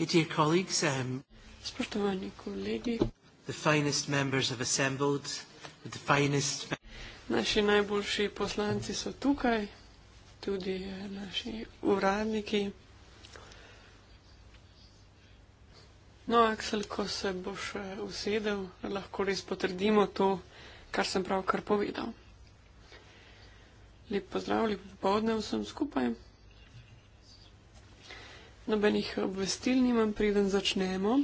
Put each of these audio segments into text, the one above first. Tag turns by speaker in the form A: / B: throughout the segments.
A: Um,
B: Spoštovani kolegi, naši najboljši poslanci so tukaj, tudi eh, naši uradniki. No, Aksel, ko se boš usedel, lahko res potrdimo to, kar sem pravkar povedal. Lep pozdrav, lep popovdne vsem skupaj nobenih obvestil nimam, preden začnemo.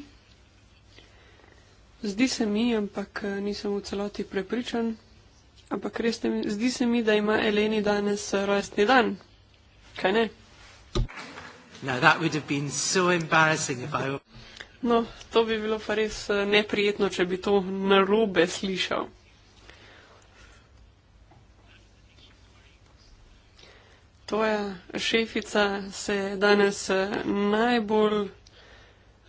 B: Zdi se mi, ampak eh, nisem v celoti prepričan, ampak res mi, zdi se mi, da ima Eleni danes eh, rojstni dan. Kaj ne? No, no, to bi bilo pa res eh, neprijetno, če bi to narobe slišal. tvoja šefica se je danes eh, najbolj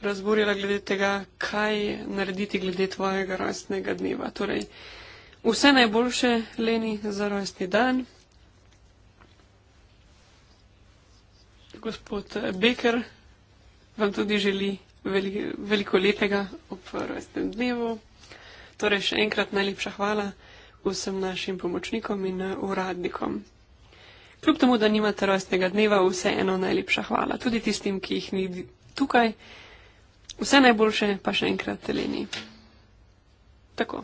B: razburila glede tega, kaj narediti glede tvojega rojstnega dneva. Torej, vse najboljše, Leni, za rojstni dan. Gospod Beker vam tudi želi veliko, veliko lepega ob rojstnem dnevu. Torej, še enkrat najlepša hvala vsem našim pomočnikom in eh, uradnikom. Kljub temu, da nimate rojstnega dneva, vseeno najlepša hvala. Tudi tistim, ki jih ni tukaj. Vse najboljše, pa še enkrat teleni. Tako.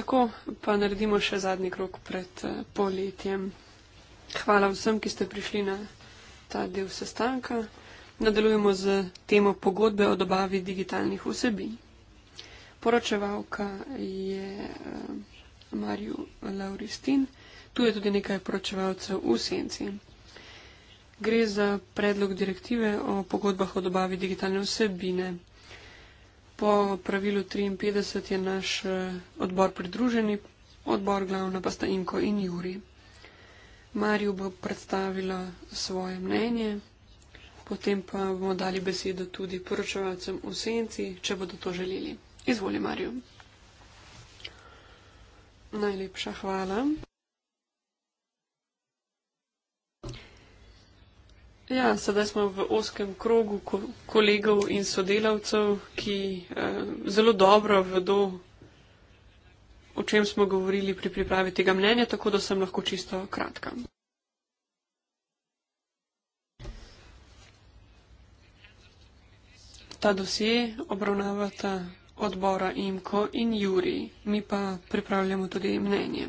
B: Tako pa naredimo še zadnji krok pred eh, poletjem. Hvala vsem, ki ste prišli na ta del sestanka. Nadaljujemo z temo pogodbe o dobavi digitalnih vsebin poročevalka je uh, Marju Lauristin. Tu je tudi nekaj poročevalcev v senci. Gre za predlog direktive o pogodbah o dobavi digitalne vsebine. Po pravilu 53 je naš eh, odbor pridruženi, odbor glavna pa sta Inko in Juri. Marju bo predstavila svoje mnenje, potem pa bomo dali besedo tudi poročevalcem v senci, če bodo to želeli. Izvoli, Marijo. Najlepša hvala. Ja, sedaj smo v oskem krogu kolegov in sodelavcev, ki eh, zelo dobro vedo, o čem smo govorili pri pripravi tega mnenja, tako da sem lahko čisto kratka. Ta dosje obravnavata odbora IMKO in Juri, mi pa pripravljamo tudi mnenje.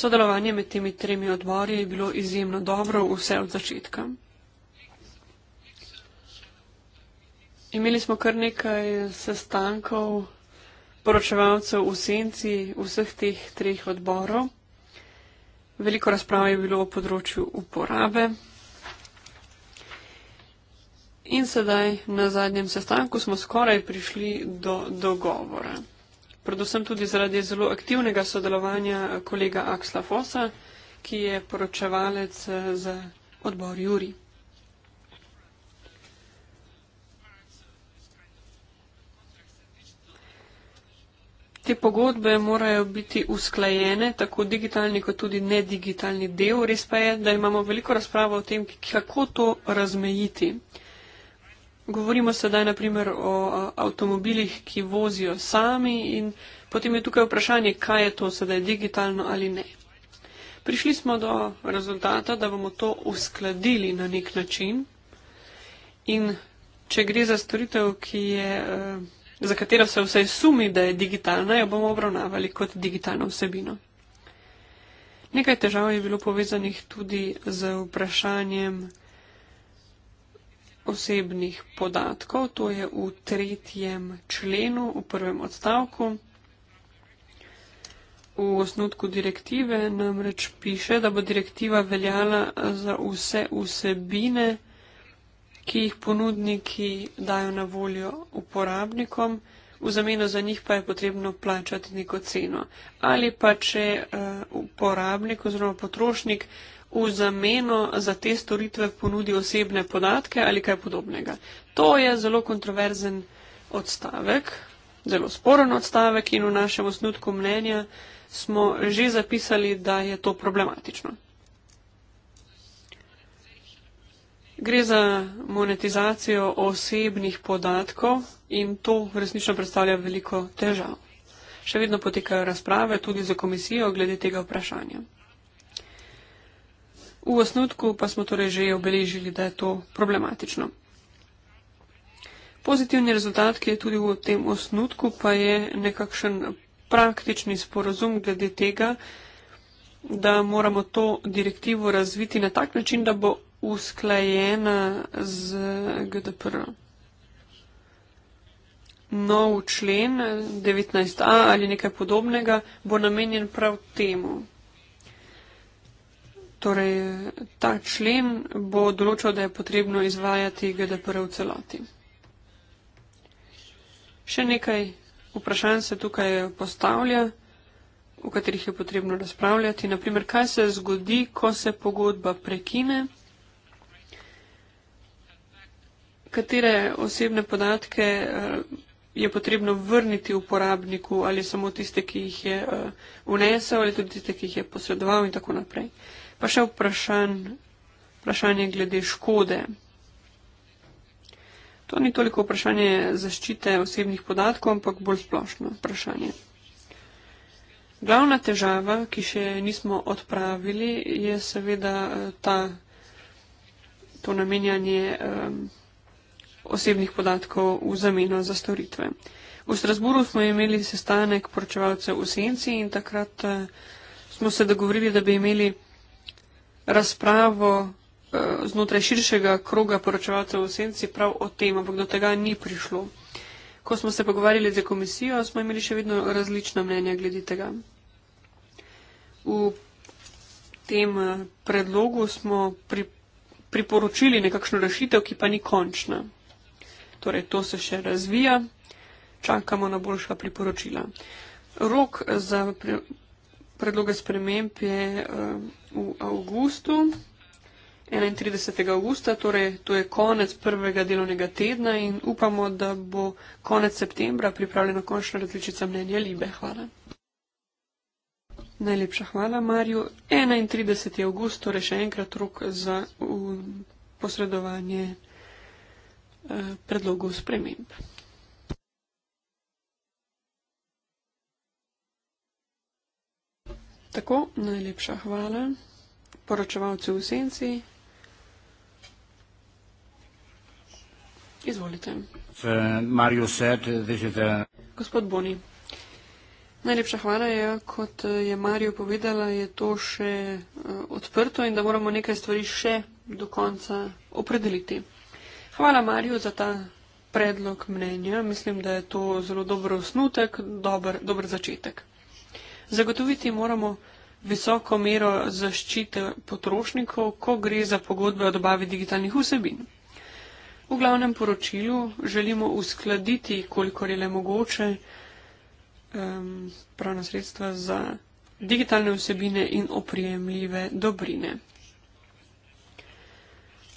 B: Sodelovanje med temi tremi odbori je bilo izjemno dobro vse od začetka. Imeli smo kar nekaj sestankov poročevalcev v senci vseh teh treh odborov. Veliko razprav je bilo o področju uporabe. In sedaj na zadnjem sestanku smo skoraj prišli do dogovora. Predvsem tudi zaradi zelo aktivnega sodelovanja kolega Aksla Fosa, ki je poročevalec eh, za odbor Juri. Te pogodbe morajo biti usklajene, tako digitalni kot tudi nedigitalni del. Res pa je, da imamo veliko razpravo o tem, kako to razmejiti. Govorimo sedaj naprimer o avtomobilih, ki vozijo sami in potem je tukaj vprašanje, kaj je to sedaj digitalno ali ne. Prišli smo do rezultata, da bomo to uskladili na nek način in če gre za storitev, je, e, za katero se vsaj sumi, da je digitalna, jo bomo obravnavali kot digitalno vsebino. Nekaj težav je bilo povezanih tudi z vprašanjem, osebnih podatkov, to je v tretjem členu, v prvem odstavku. V osnutku direktive namreč piše, da bo direktiva veljala za vse vsebine, ki jih ponudniki dajo na voljo uporabnikom, v zameno za njih pa je potrebno plačati neko ceno. Ali pa če uh, uporabnik oziroma potrošnik uh, v zameno za te storitve ponudi osebne podatke ali kaj podobnega. To je zelo kontroverzen odstavek, zelo sporen odstavek in v našem osnutku mnenja smo že zapisali, da je to problematično. Gre za monetizacijo osebnih podatkov in to resnično predstavlja veliko težav. Še vedno potekajo razprave tudi za komisijo glede tega vprašanja. V osnutku pa smo torej že obeležili, da je to problematično. Pozitivni rezultat, ki je tudi v tem osnutku, pa je nekakšen praktični sporozum glede tega, da moramo to direktivo razviti na tak način, da bo usklajena z GDPR. Nov člen 19a ali nekaj podobnega bo namenjen prav temu. Torej, ta člen bo določil, da je potrebno izvajati GDPR v celoti. Še nekaj vprašanj se tukaj postavlja, o katerih je potrebno razpravljati. Naprimer, kaj se zgodi, ko se pogodba prekine? Katere osebne podatke eh, je potrebno vrniti uporabniku ali samo tiste, ki jih je eh, vnesel ali tudi tiste, ki jih je posredoval in tako naprej? Pa še vprašan, vprašanje glede škode. To ni toliko vprašanje zaščite osebnih podatkov, ampak bolj splošno vprašanje. Glavna težava, ki še nismo odpravili, je seveda eh, ta, to namenjanje um, osebnih podatkov v zameno za storitve. V Strasburu smo imeli sestanek poročevalcev v Senci in takrat uh, smo se dogovorili, da bi imeli razpravo eh, znotraj širšega kroga poročevalcev v senci prav o tem, ampak do tega ni prišlo. Ko smo se pogovarjali z komisijo, smo imeli še vedno različna mnenja glede tega. V tem eh, predlogu smo pri, priporočili nekakšno rešitev, ki pa ni končna. Torej, to se še razvija, čakamo na boljša priporočila. Rok za pri, predloga sprememb je uh, v avgustu, 31. avgusta, torej to je konec prvega delovnega tedna in upamo, da bo konec septembra pripravljena končna različica mnenja Libe. Hvala. Najlepša hvala, Marju. 31. avgust, torej še enkrat rok za posredovanje eh, predlogov spremembe. Tako, najlepša hvala poročevalcu v senci. Izvolite. Uh, Mario said, this is a... Gospod Boni, najlepša hvala je, ja, kot eh, je Mario povedala, je to še uh, odprto in da moramo nekaj stvari še do konca opredeliti. Hvala Mario za ta predlog mnenja. Mislim, da je to zelo dober osnutek, dober, dober začetek. Zagotoviti moramo visoko mero zaščite potrošnikov, ko gre za pogodbe o dobavi digitalnih vsebin. V glavnem poročilu želimo uskladiti, kolikor je le mogoče, um, pravna sredstva za digitalne vsebine in oprijemljive dobrine.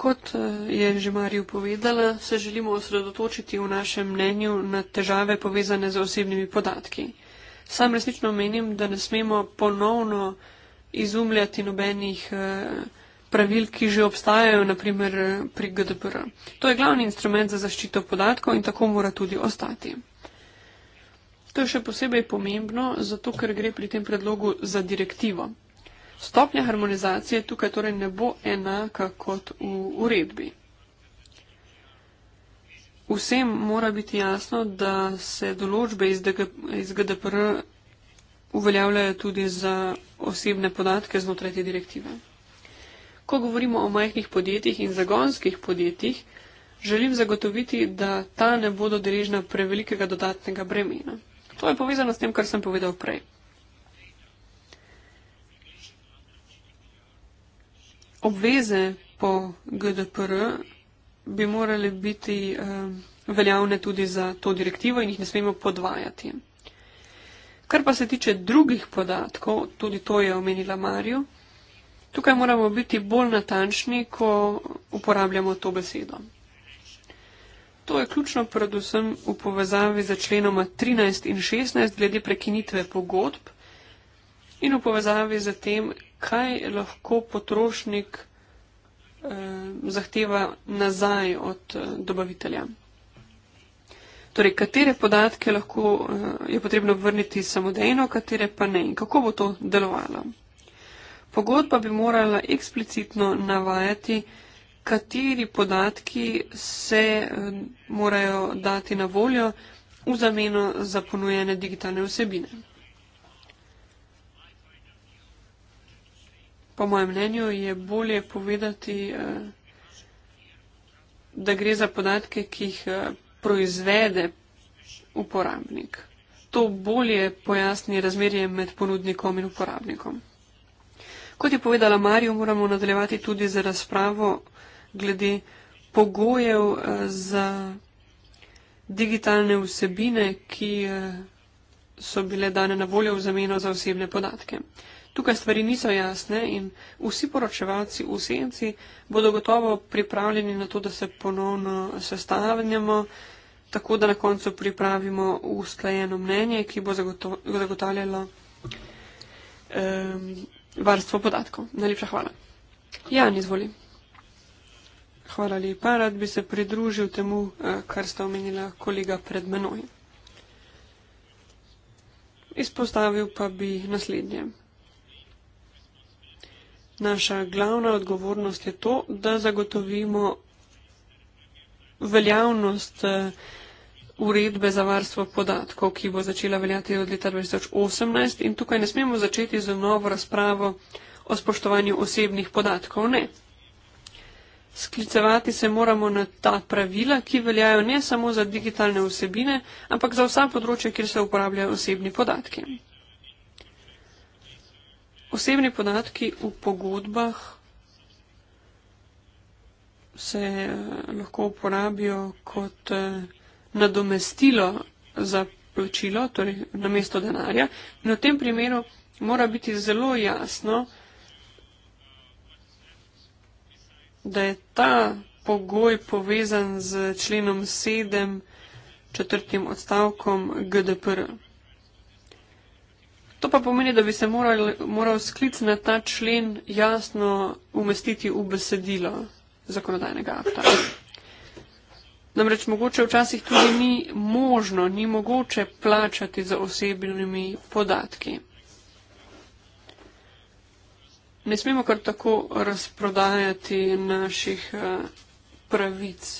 B: Kot eh, je že Marijo povedala, se želimo osredotočiti v našem mnenju na težave povezane z osebnimi podatki. Sam resnično menim, da ne smemo ponovno izumljati nobenih eh, pravil, ki že obstajajo, naprimer eh, pri GDPR. To je glavni instrument za zaščito podatkov in tako mora tudi ostati. To je še posebej pomembno, zato ker gre pri tem predlogu za direktivo. Stopnja harmonizacije tukaj torej ne bo enaka kot v uredbi. Vsem mora biti jasno, da se določbe iz, DG, iz GDPR uveljavljajo tudi za osebne podatke znotraj te direktive. Ko govorimo o majhnih podjetjih in zagonskih podjetjih, želim zagotoviti, da ta ne bodo deležna prevelikega dodatnega bremena. To je povezano s tem, kar sem povedal prej. Obveze po GDPR bi morale biti uh, veljavne tudi za to direktivo in jih ne smemo podvajati. Kar pa se tiče drugih podatkov, tudi to je omenila Marijo, tukaj moramo biti bolj natančni, ko uporabljamo to besedo. To je ključno predvsem v povezavi za členoma 13 in 16 glede prekinitve pogodb in v povezavi za tem, kaj lahko potrošnik Eh, zahteva nazaj od eh, dobavitelja. Torej, katere podatke lahko, eh, je potrebno vrniti samodejno, katere pa ne in kako bo to delovalo. Pogodba bi morala eksplicitno navajati, kateri podatki se morajo dati na voljo v zameno za ponujene digitalne vsebine. po mojem mnenju, je bolje povedati, eh, da gre za podatke, ki jih eh, proizvede uporabnik. To bolje pojasni razmerje med ponudnikom in uporabnikom. Kot je povedala Marijo, moramo nadaljevati tudi za razpravo glede pogojev eh, za digitalne vsebine, ki so bile dane na voljo v zameno za osebne podatke tukaj stvari niso jasne in vsi poročevalci v senci bodo gotovo pripravljeni na to, da se ponovno sestavljamo, tako da na koncu pripravimo usklajeno mnenje, ki bo zagotov, zagotavljalo um, varstvo podatkov. Najlepša hvala. Jan, izvoli. Hvala lepa, rad bi se pridružil temu, eh, kar sta omenila kolega pred menoj. Izpostavil pa bi naslednje naša glavna odgovornost je to, da zagotovimo veljavnost eh, uredbe za varstvo podatkov, ki bo začela veljati od leta 2018 in tukaj ne smemo začeti z novo razpravo o spoštovanju osebnih podatkov. Ne. Sklicevati se moramo na ta pravila, ki veljajo ne samo za digitalne vsebine, ampak za vsa področja, kjer se uporabljajo osebni podatki osebni podatki v pogodbah se eh, lahko uporabijo kot eh, nadomestilo za plačilo, torej na mesto denarja. In v tem primeru mora biti zelo jasno, da je ta pogoj povezan z členom 7, četrtim odstavkom GDPR. -a. To pa pomeni, da bi se moral, moral sklic na ta člen jasno umestiti v besedilo zakonodajnega akta. Namreč mogoče včasih tudi ni možno, ni mogoče plačati za osebnimi podatki. Ne smemo kar tako razprodajati naših eh, pravic.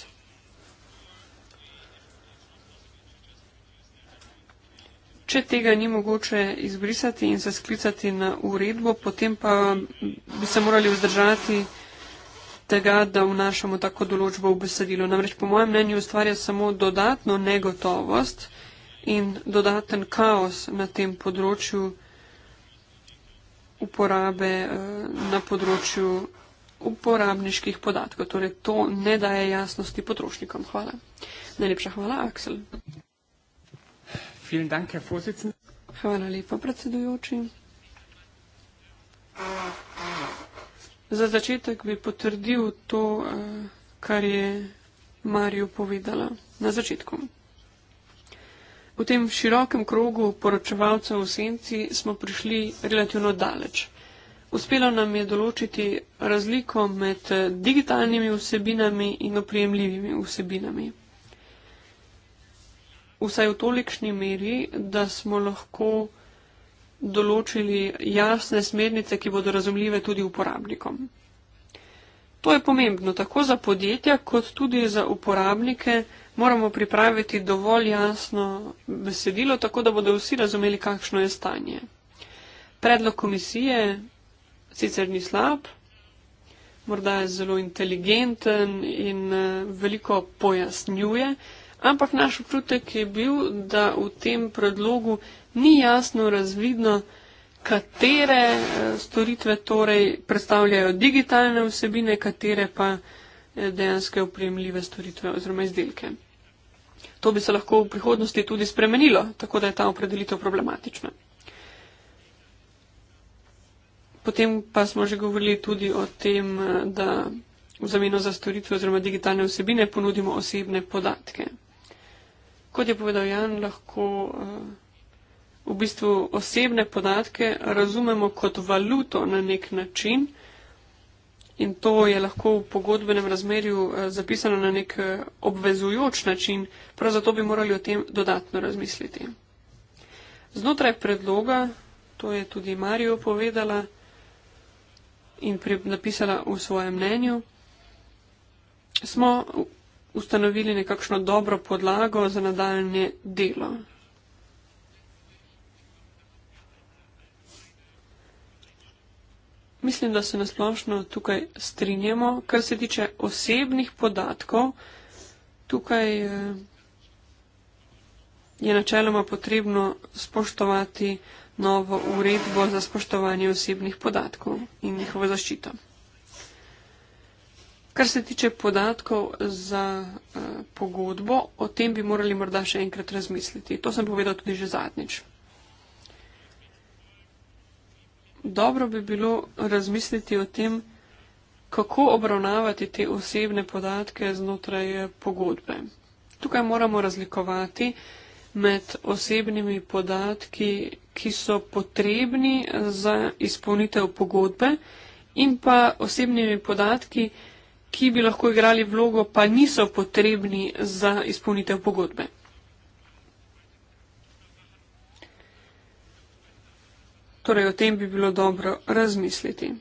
B: Če tega ni mogoče izbrisati in se sklicati na uredbo, potem pa bi se morali vzdržati tega, da vnašamo tako določbo v besedilo. Namreč po mojem mnenju ustvarja samo dodatno negotovost in dodaten kaos na tem področju uporabe eh, na področju uporabniških podatkov. Torej to ne daje jasnosti potrošnikom. Hvala. Najlepša hvala, Aksel. Vielen Dank, Herr Vorsitzender. Hvala lepa, predsedujoči. Za začetek bi potrdil to, eh, kar je Marijo povedala na začetku. V tem širokem krogu poročevalcev v senci smo prišli relativno daleč. Uspelo nam je določiti razliko med eh, digitalnimi vsebinami in opremljivimi vsebinami vsaj v tolikšni meri, da smo lahko določili jasne smernice, ki bodo razumljive tudi uporabnikom. To je pomembno tako za podjetja, kot tudi za uporabnike. Moramo pripraviti dovolj jasno besedilo, tako da bodo vsi razumeli, kakšno je stanje. Predlog komisije sicer ni slab, morda je zelo inteligenten in eh, veliko pojasnjuje, ampak naš občutek je bil, da v tem predlogu ni jasno razvidno, katere eh, storitve torej predstavljajo digitalne vsebine, katere pa eh, dejanske upremljive storitve oziroma izdelke. To bi se lahko v prihodnosti tudi spremenilo, tako da je ta opredelitev problematična. Potem pa smo že govorili tudi o tem, eh, da v zameno za storitve oziroma digitalne vsebine ponudimo osebne podatke kot je povedal Jan, lahko eh, v bistvu osebne podatke razumemo kot valuto na nek način in to je lahko v pogodbenem razmerju eh, zapisano na nek eh, obvezujoč način, prav zato bi morali o tem dodatno razmisliti. Znotraj predloga, to je tudi Marijo povedala in napisala v svojem mnenju, smo ustanovili nekakšno dobro podlago za nadaljne delo. Mislim, da se nasplošno tukaj strinjamo, kar se tiče osebnih podatkov. Tukaj eh, je načeloma potrebno spoštovati novo uredbo za spoštovanje osebnih podatkov in njihovo zaščito. Kar se tiče podatkov za uh, pogodbo, o tem bi morali morda še enkrat razmisliti. To sem povedal tudi že zadnjič. Dobro bi bilo razmisliti o tem, kako obravnavati te osebne podatke znotraj eh, pogodbe. Tukaj moramo razlikovati med osebnimi podatki, ki so potrebni eh, za izpolnitev pogodbe in pa osebnimi podatki, ki ki bi lahko igrali vlogo, pa niso potrebni za izpolnitev pogodbe. Torej, o tem bi bilo dobro razmisliti.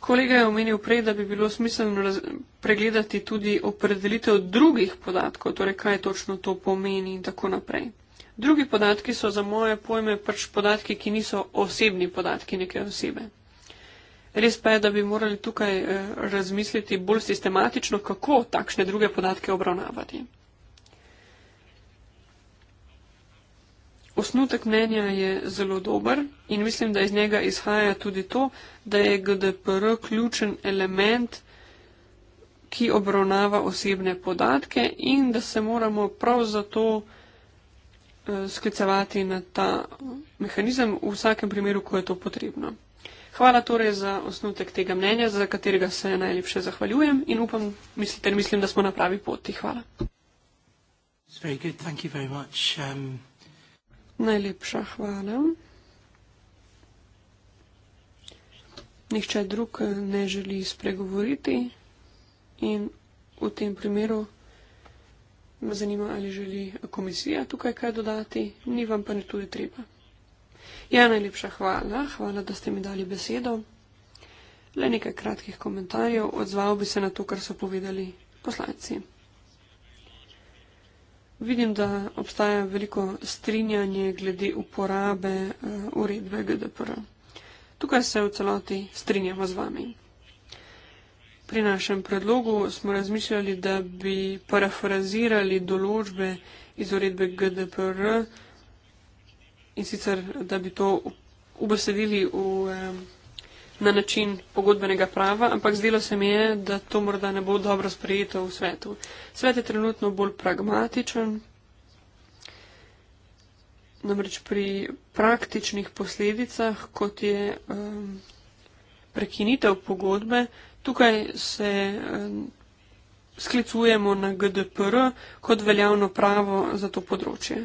B: Kolega je omenil prej, da bi bilo smiselno pregledati tudi opredelitev drugih podatkov, torej kaj točno to pomeni in tako naprej. Drugi podatki so za moje pojme pač podatki, ki niso osebni podatki neke osebe. Res pa je, da bi morali tukaj eh, razmisliti bolj sistematično, kako takšne druge podatke obravnavati. Osnutek mnenja je zelo dober in mislim, da iz njega izhaja tudi to, da je GDPR ključen element, ki obravnava osebne podatke in da se moramo prav zato eh, sklicevati na ta mehanizem v vsakem primeru, ko je to potrebno. Hvala torej za osnutek tega mnenja, za katerega se najlepše zahvaljujem in upam, mislite, mislim, da smo na pravi poti. Hvala. Um... Najlepša hvala. Nihče drug ne želi spregovoriti in v tem primeru me zanima, ali želi komisija tukaj kaj dodati, ni vam pa ne tudi treba. Ja, najlepša hvala. Hvala, da ste mi dali besedo. Le nekaj kratkih komentarjev. Odzval bi se na to, kar so povedali poslanci. Vidim, da obstaja veliko strinjanje glede uporabe uh, uredbe GDPR. Tukaj se v celoti strinjamo z vami. Pri našem predlogu smo razmišljali, da bi parafrazirali določbe iz uredbe GDPR, uh, in sicer, da bi to ubesedili v, um, na način pogodbenega prava, ampak zdelo se mi je, da to morda ne bo dobro sprejeto v svetu. Svet je trenutno bolj pragmatičen, namreč pri praktičnih posledicah, kot je um, prekinitev pogodbe, tukaj se. Um, Sklicujemo na GDPR kot veljavno pravo za to področje.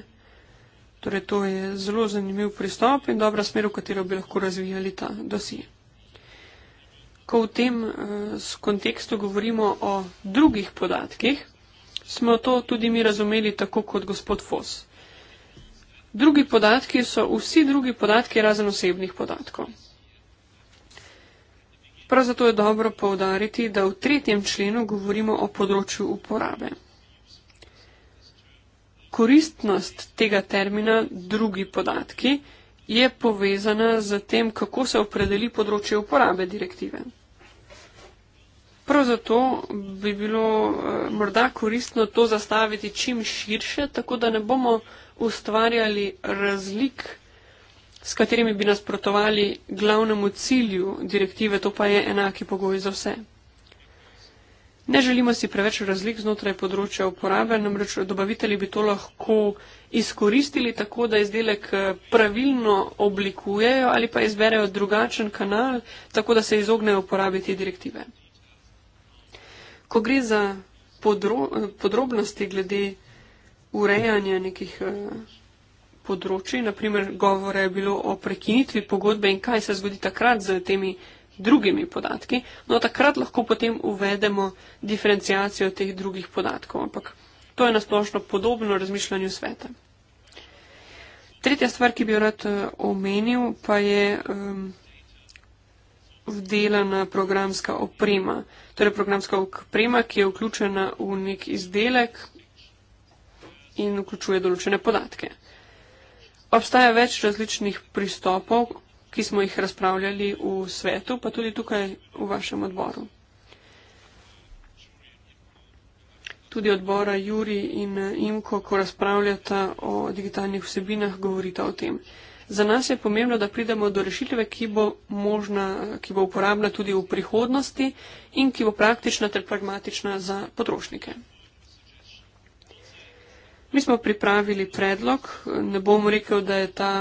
B: Torej, to je zelo zanimiv pristop in dobra smer, v katero bi lahko razvijali ta dosi. Ko v tem eh, kontekstu govorimo o drugih podatkih, smo to tudi mi razumeli tako kot gospod Fos. Drugi podatki so vsi drugi podatki razen osebnih podatkov. Prav zato je dobro povdariti, da v tretjem členu govorimo o področju uporabe koristnost tega termina drugi podatki je povezana z tem, kako se opredeli področje uporabe direktive. Prav zato bi bilo uh, morda koristno to zastaviti čim širše, tako da ne bomo ustvarjali razlik, s katerimi bi nasprotovali glavnemu cilju direktive, to pa je enaki pogoj za vse. Ne želimo si preveč razlik znotraj področja uporabe, namreč dobavitelji bi to lahko izkoristili tako, da izdelek eh, pravilno oblikujejo ali pa izberejo drugačen kanal, tako da se izognejo uporabi te direktive. Ko gre za podro eh, podrobnosti glede urejanja nekih eh, področji, naprimer govore je bilo o prekinitvi pogodbe in kaj se zgodi takrat z temi drugimi podatki, no takrat lahko potem uvedemo diferencijacijo teh drugih podatkov, ampak to je nasplošno podobno razmišljanju sveta. Tretja stvar, ki bi jo rad eh, omenil, pa je um, vdelana programska oprema. Torej programska oprema, ki je vključena v nek izdelek in vključuje določene podatke. Obstaja več različnih pristopov, ki smo jih razpravljali v svetu, pa tudi tukaj v vašem odboru. Tudi odbora Juri in Imko, ko razpravljata o digitalnih vsebinah, govorita o tem. Za nas je pomembno, da pridemo do rešitve, ki bo možna, ki bo uporabna tudi v prihodnosti in ki bo praktična ter pragmatična za potrošnike. Mi smo pripravili predlog, ne bom rekel, da je ta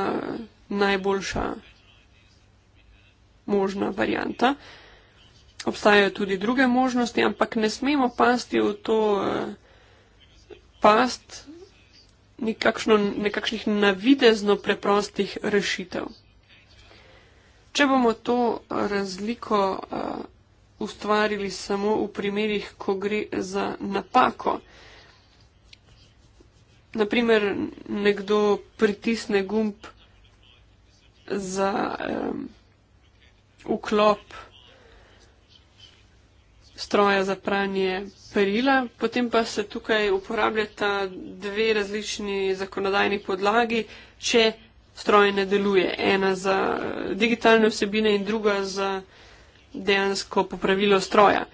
B: najboljša možna varijanta. Obstajajo tudi druge možnosti, ampak ne smemo pasti v to eh, past nekakšno, nekakšnih navidezno preprostih rešitev. Če bomo to razliko uh, ustvarili samo v primerih, ko gre za napako, naprimer nekdo pritisne gumb za. Um, vklop stroja za pranje perila. Potem pa se tukaj uporabljata dve različni zakonodajni podlagi, če stroj ne deluje. Ena za digitalne vsebine in druga za dejansko popravilo stroja.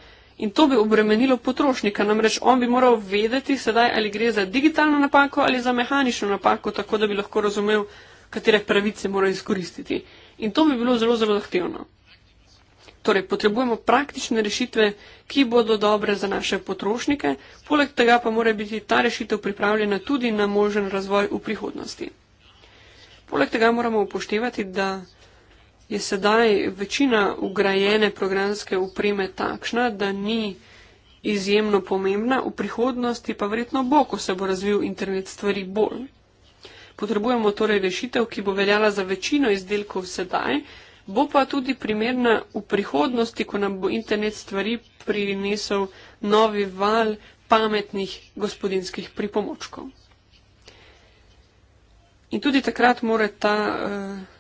B: In to bi obremenilo potrošnika, namreč on bi moral vedeti sedaj, ali gre za digitalno napako ali za mehanično napako, tako da bi lahko razumel, katere pravice mora izkoristiti. In to bi bilo zelo, zelo zahtevno. Torej, potrebujemo praktične rešitve, ki bodo dobre za naše potrošnike, poleg tega pa mora biti ta rešitev pripravljena tudi na možen razvoj v prihodnosti. Poleg tega moramo upoštevati, da je sedaj večina ugrajene programske upreme takšna, da ni izjemno pomembna, v prihodnosti pa verjetno bo, ko se bo razvil internet stvari bolj. Potrebujemo torej rešitev, ki bo veljala za večino izdelkov sedaj, bo pa tudi primerna v prihodnosti, ko nam bo internet stvari prinesel novi val pametnih gospodinskih pripomočkov. In tudi takrat mora ta uh,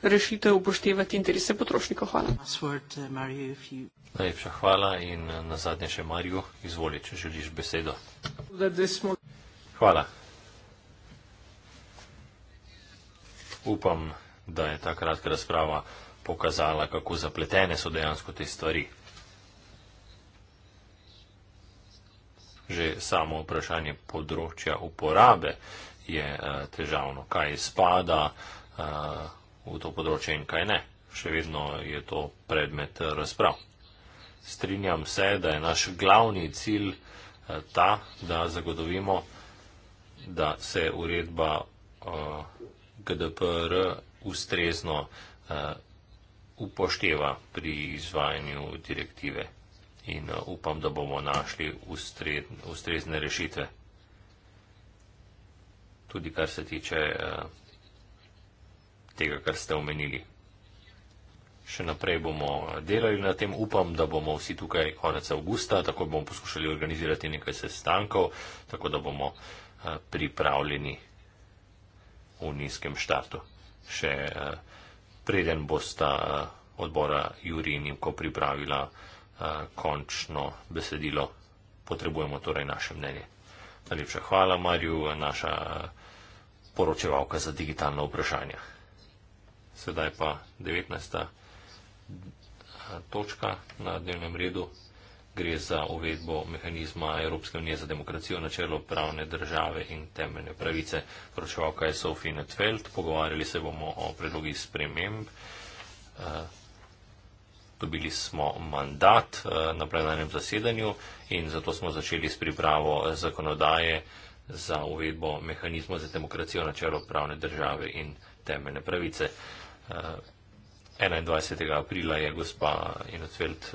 B: rešitev upoštevati interese potrošnikov. Hvala. Eh,
C: Najlepša hvala in eh, na zadnje še Marju. Izvoli, če želiš besedo. Hvala. Upam, da je ta kratka razprava pokazala, kako zapletene so dejansko te stvari. Že samo vprašanje področja uporabe je eh, težavno, kaj spada eh, v to področje in kaj ne. Še vedno je to predmet eh, razprav. Strinjam se, da je naš glavni cilj ta, da zagotovimo, da se uredba GDPR ustrezno upošteva pri izvajanju direktive in uh, upam, da bomo našli ustrezne rešitve. Tudi kar se tiče uh, tega, kar ste omenili. Še naprej bomo uh, delali na tem. Upam, da bomo vsi tukaj konec avgusta, tako bomo poskušali organizirati nekaj sestankov, tako da bomo pripravljeni v nizkem štartu. Še uh, preden bosta odbora Juri in Imko pripravila eh, končno besedilo, potrebujemo torej naše mnenje. Najlepša hvala, Marju, naša eh, poročevalka za digitalna vprašanja. Sedaj pa 19. Eh, točka na dnevnem redu gre za uvedbo mehanizma Evropske unije za demokracijo, načelo pravne države in temeljne pravice. Poročevalka je Sofie Netfeld, pogovarjali se bomo o predlogih sprememb. Eh, dobili smo mandat eh, na plenarnem zasedanju in zato smo začeli s pripravo eh, zakonodaje za uvedbo mehanizma za demokracijo, načelo pravne države in temeljne pravice. 21. aprila je gospa Inocveld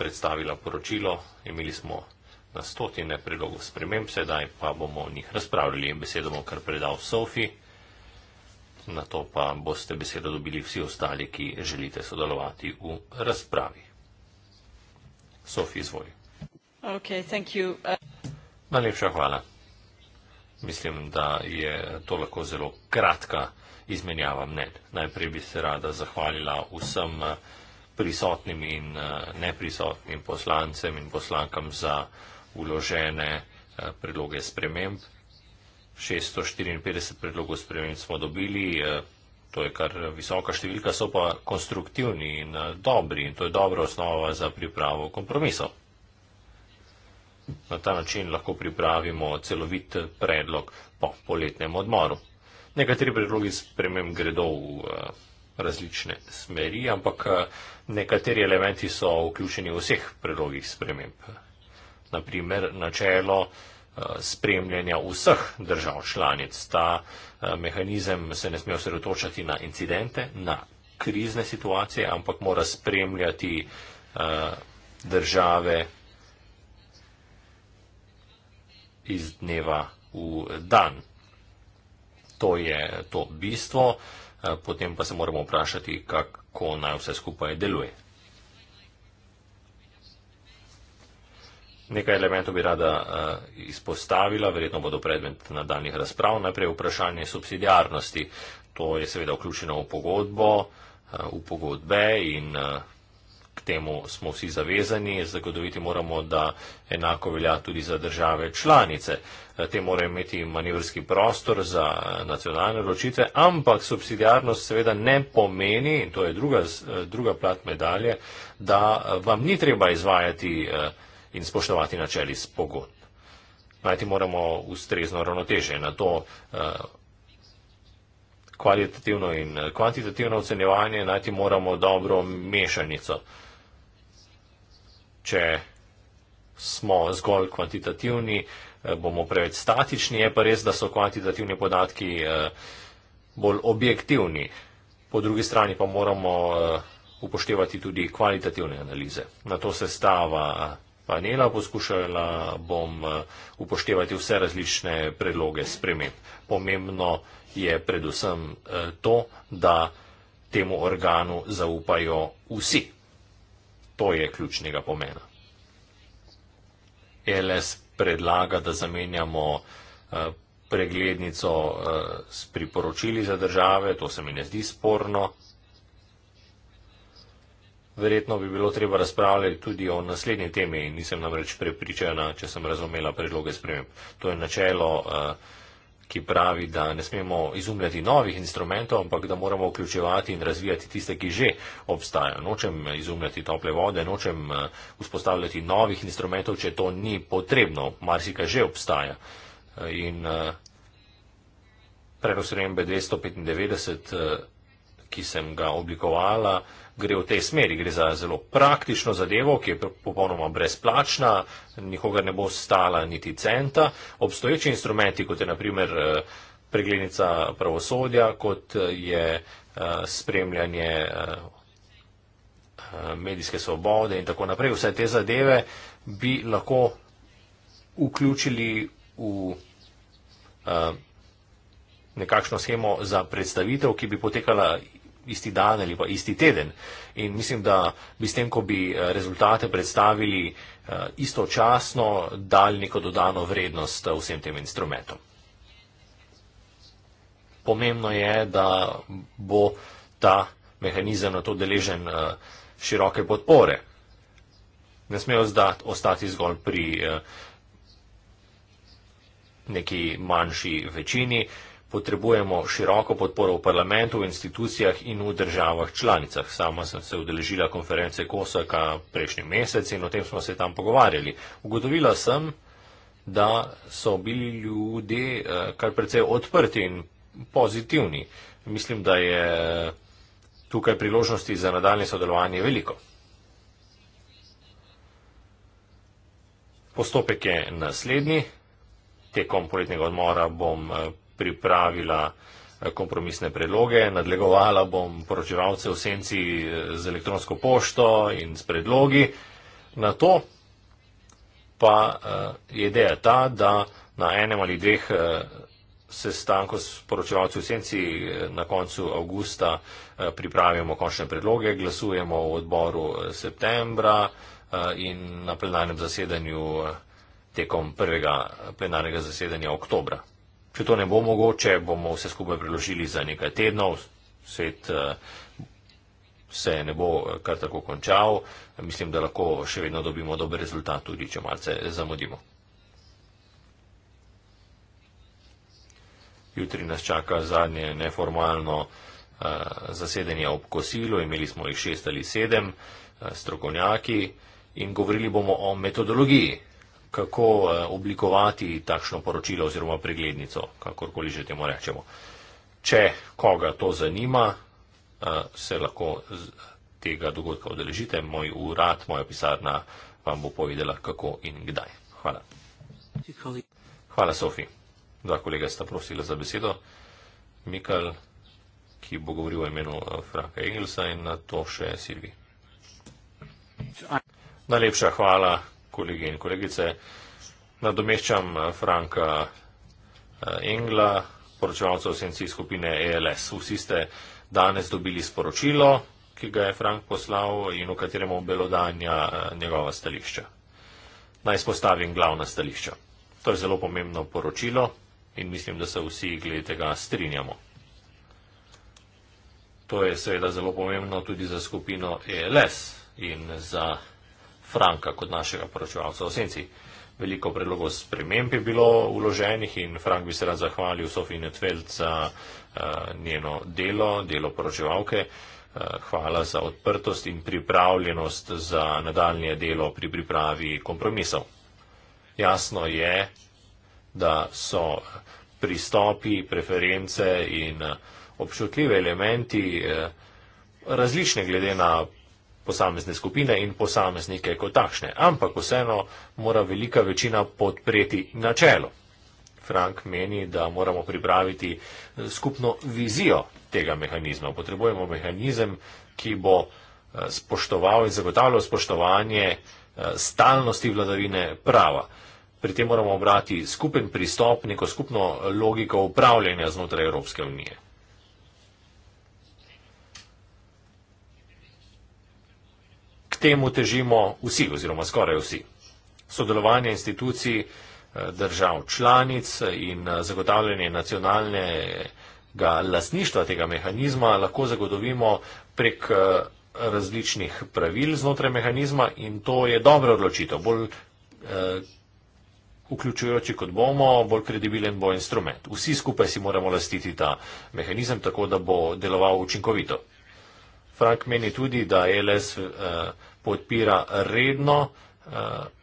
C: predstavila poročilo, imeli smo na stotine predlogov sprememb, sedaj pa bomo o njih razpravljali in besedo bom kar predal Sofi, na to pa boste besedo dobili vsi ostali, ki želite sodelovati v razpravi. Sofi, izvoj.
A: Okay, uh...
C: Najlepša hvala. Mislim, da je to lahko zelo kratka izmenjava mnen. Najprej bi se rada zahvalila vsem uh, prisotnim in eh, neprisotnim poslancem in poslankam za uložene eh, predloge sprememb. 654 predlogov sprememb smo dobili, eh, to je kar visoka številka, so pa konstruktivni in dobri in to je dobra osnova za pripravo kompromisov. Na ta način lahko pripravimo celovit predlog po poletnem odmoru. Nekateri predlogi sprememb gredo v različne smeri, ampak eh, nekateri elementi so vključeni v vseh predlogih sprememb. Naprimer, načelo eh, spremljanja vseh držav članic. Ta eh, mehanizem se ne sme osredotočati na incidente, na krizne situacije, ampak mora spremljati države iz dneva v dan. To je to bistvo. Uh, Eh, potem pa se moramo vprašati, kako naj vse skupaj deluje. Nekaj elementov bi rada eh, izpostavila, verjetno bodo predmet nadaljnih razprav. Najprej vprašanje subsidijarnosti. To je seveda vključeno v pogodbo, eh, v pogodbe in k temu smo vsi zavezani, zagotoviti moramo, da enako velja tudi za države članice. Eh, te morajo imeti manevrski prostor za eh, nacionalne ločitve, ampak subsidiarnost seveda ne pomeni, in to je druga, eh, druga plat medalje, da vam ni treba izvajati in spoštovati načeli spogod. Najti moramo ustrezno ravnoteže. Na to uh, kvalitativno in eh, kvantitativno ocenjevanje, najti moramo dobro mešanico. Če smo zgolj kvantitativni, eh, bomo preveč statični, je pa res, da so kvantitativni podatki eh, bolj objektivni. Po drugi strani pa moramo upoštevati tudi kvalitativne analize. Na to se stava panela poskušala, bom upoštevati vse različne predloge sprememb. Pomembno je, je predvsem eh, to, da temu organu zaupajo vsi. To je ključnega pomena. LS predlaga, da zamenjamo eh, preglednico eh, s priporočili za države, to se mi ne zdi sporno. Verjetno bi bilo treba razpravljati tudi o naslednji temi, nisem namreč prepričana, če sem razumela predloge sprememb. To je načelo uh, ki pravi, da ne smemo izumljati novih instrumentov, ampak da moramo vključevati in razvijati tiste, ki že obstajajo. Nočem izumljati tople vode, nočem eh, vzpostavljati novih instrumentov, če to ni potrebno. Marsika že obstaja. Eh, in eh, prenosrembe 295, ki sem ga oblikovala, gre v tej smeri. Gre za zelo praktično zadevo, ki je popolnoma brezplačna, nikogar ne bo stala niti centa. Obstoječi instrumenti, kot je naprimer eh, preglednica pravosodja, kot eh, je eh, spremljanje medijske svobode in tako naprej, vse te zadeve bi lahko vključili v nekakšno schemo za predstavitev, ki bi potekala isti dan ali pa isti teden. In mislim, da bi s tem, ko bi eh, rezultate predstavili eh, istočasno, dali neko dodano vrednost eh, vsem tem instrumentom. Pomembno je, da bo ta mehanizem na to deležen široke podpore. Ne smejo zdati ostati zgolj pri neki manjši večini, potrebujemo široko podporo v parlamentu, v institucijah in v državah članicah. Sama sem se udeležila konference Kosaka prejšnji mesec in o tem smo se tam pogovarjali. Ugotovila sem, da so bili ljudje eh, kar precej odprti in pozitivni. Mislim, da je eh, tukaj priložnosti za nadaljne sodelovanje veliko. Postopek je naslednji. Tekom poletnega odmora bom eh, pripravila eh, kompromisne predloge, nadlegovala bom poročevalce v senci eh, z elektronsko pošto in s predlogi. Na to pa eh, je ideja ta, da na enem ali dveh sestankov s poročevalci v senci na koncu avgusta pripravimo končne predloge, glasujemo v odboru septembra in na plenarnem zasedanju tekom prvega plenarnega zasedanja oktobra če to ne bo mogoče, bomo vse skupaj preložili za nekaj tednov, svet eh, se ne bo eh, kar tako končal. Mislim, da lahko še vedno dobimo dober rezultat, tudi če malce zamudimo. Jutri nas čaka zadnje neformalno eh, zasedanje ob kosilu, imeli smo jih šest ali sedem strokovnjaki in govorili bomo o metodologiji kako eh, oblikovati takšno poročilo oziroma preglednico, kakorkoli že temu rečemo. Če koga to zanima, eh, se lahko tega dogodka odeležite. Moj urad, moja pisarna vam bo povedala, kako in kdaj. Hvala. Hvala, Sofi. Dva kolega sta prosila za besedo. Mikal, ki bo govoril o imenu eh, Franka Engelsa in na to še Silvi. Najlepša hvala, kolegi in kolegice. Nadomeščam eh, Franka eh, Engla, poročevalca osenci skupine ELS. Vsi ste danes dobili sporočilo, ki ga je Frank poslal in v katerem obelodanja eh, njegova stališča. Naj spostavim glavna stališča. To je zelo pomembno poročilo in mislim, da se vsi glede tega strinjamo. To je seveda zelo pomembno tudi za skupino ELS in za franka kot našega poročevalca v senci. Veliko predlogov sprememb je bilo uloženih in Frank bi se rad zahvalil Sofine Tveld za uh, njeno delo, delo poročevalke. Uh, hvala za odprtost in pripravljenost za nadaljnje delo pri pripravi kompromisov. Jasno je, da so pristopi, preference in občutljive elementi eh, različne glede na posamezne skupine in posameznike kot takšne, ampak vseeno mora velika večina podpreti načelo. Frank meni, da moramo pripraviti eh, skupno vizijo tega mehanizma. Potrebujemo mehanizem, ki bo eh, spoštoval in zagotavljal spoštovanje eh, stalnosti vladavine prava. Pri tem moramo obrati skupen pristop, neko skupno logiko upravljanja znotraj Evropske unije. temu težimo vsi oziroma skoraj vsi. Sodelovanje institucij eh, držav članic in eh, zagotavljanje nacionalnega lasništva tega mehanizma lahko zagotovimo prek eh, različnih pravil znotraj mehanizma in to je dobra odločitev. Bolj vključujoči kot bomo, bolj kredibilen bo instrument. Vsi skupaj si moramo lastiti ta mehanizem tako, da bo deloval učinkovito. Frank meni tudi, da LS uh, podpira redno uh,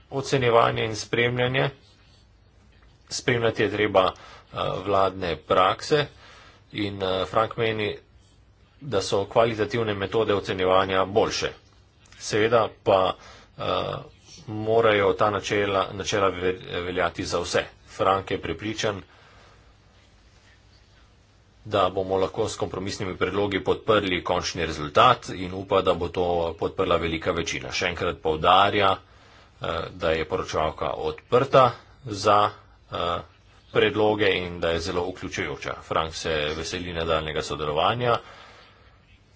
C: ocenjevanje in spremljanje. Spremljati je treba uh, vladne prakse in uh, Frank meni, da so kvalitativne metode ocenjevanja boljše. Seveda pa uh, morajo ta načela, načela veljati za vse. Frank je pripričan, da bomo lahko s kompromisnimi predlogi podprli končni rezultat in upa, da bo to podprla velika večina. Še enkrat povdarja, eh, da je poročavka odprta za eh, predloge in da je zelo vključujoča. Frank se veseli nadaljnega sodelovanja,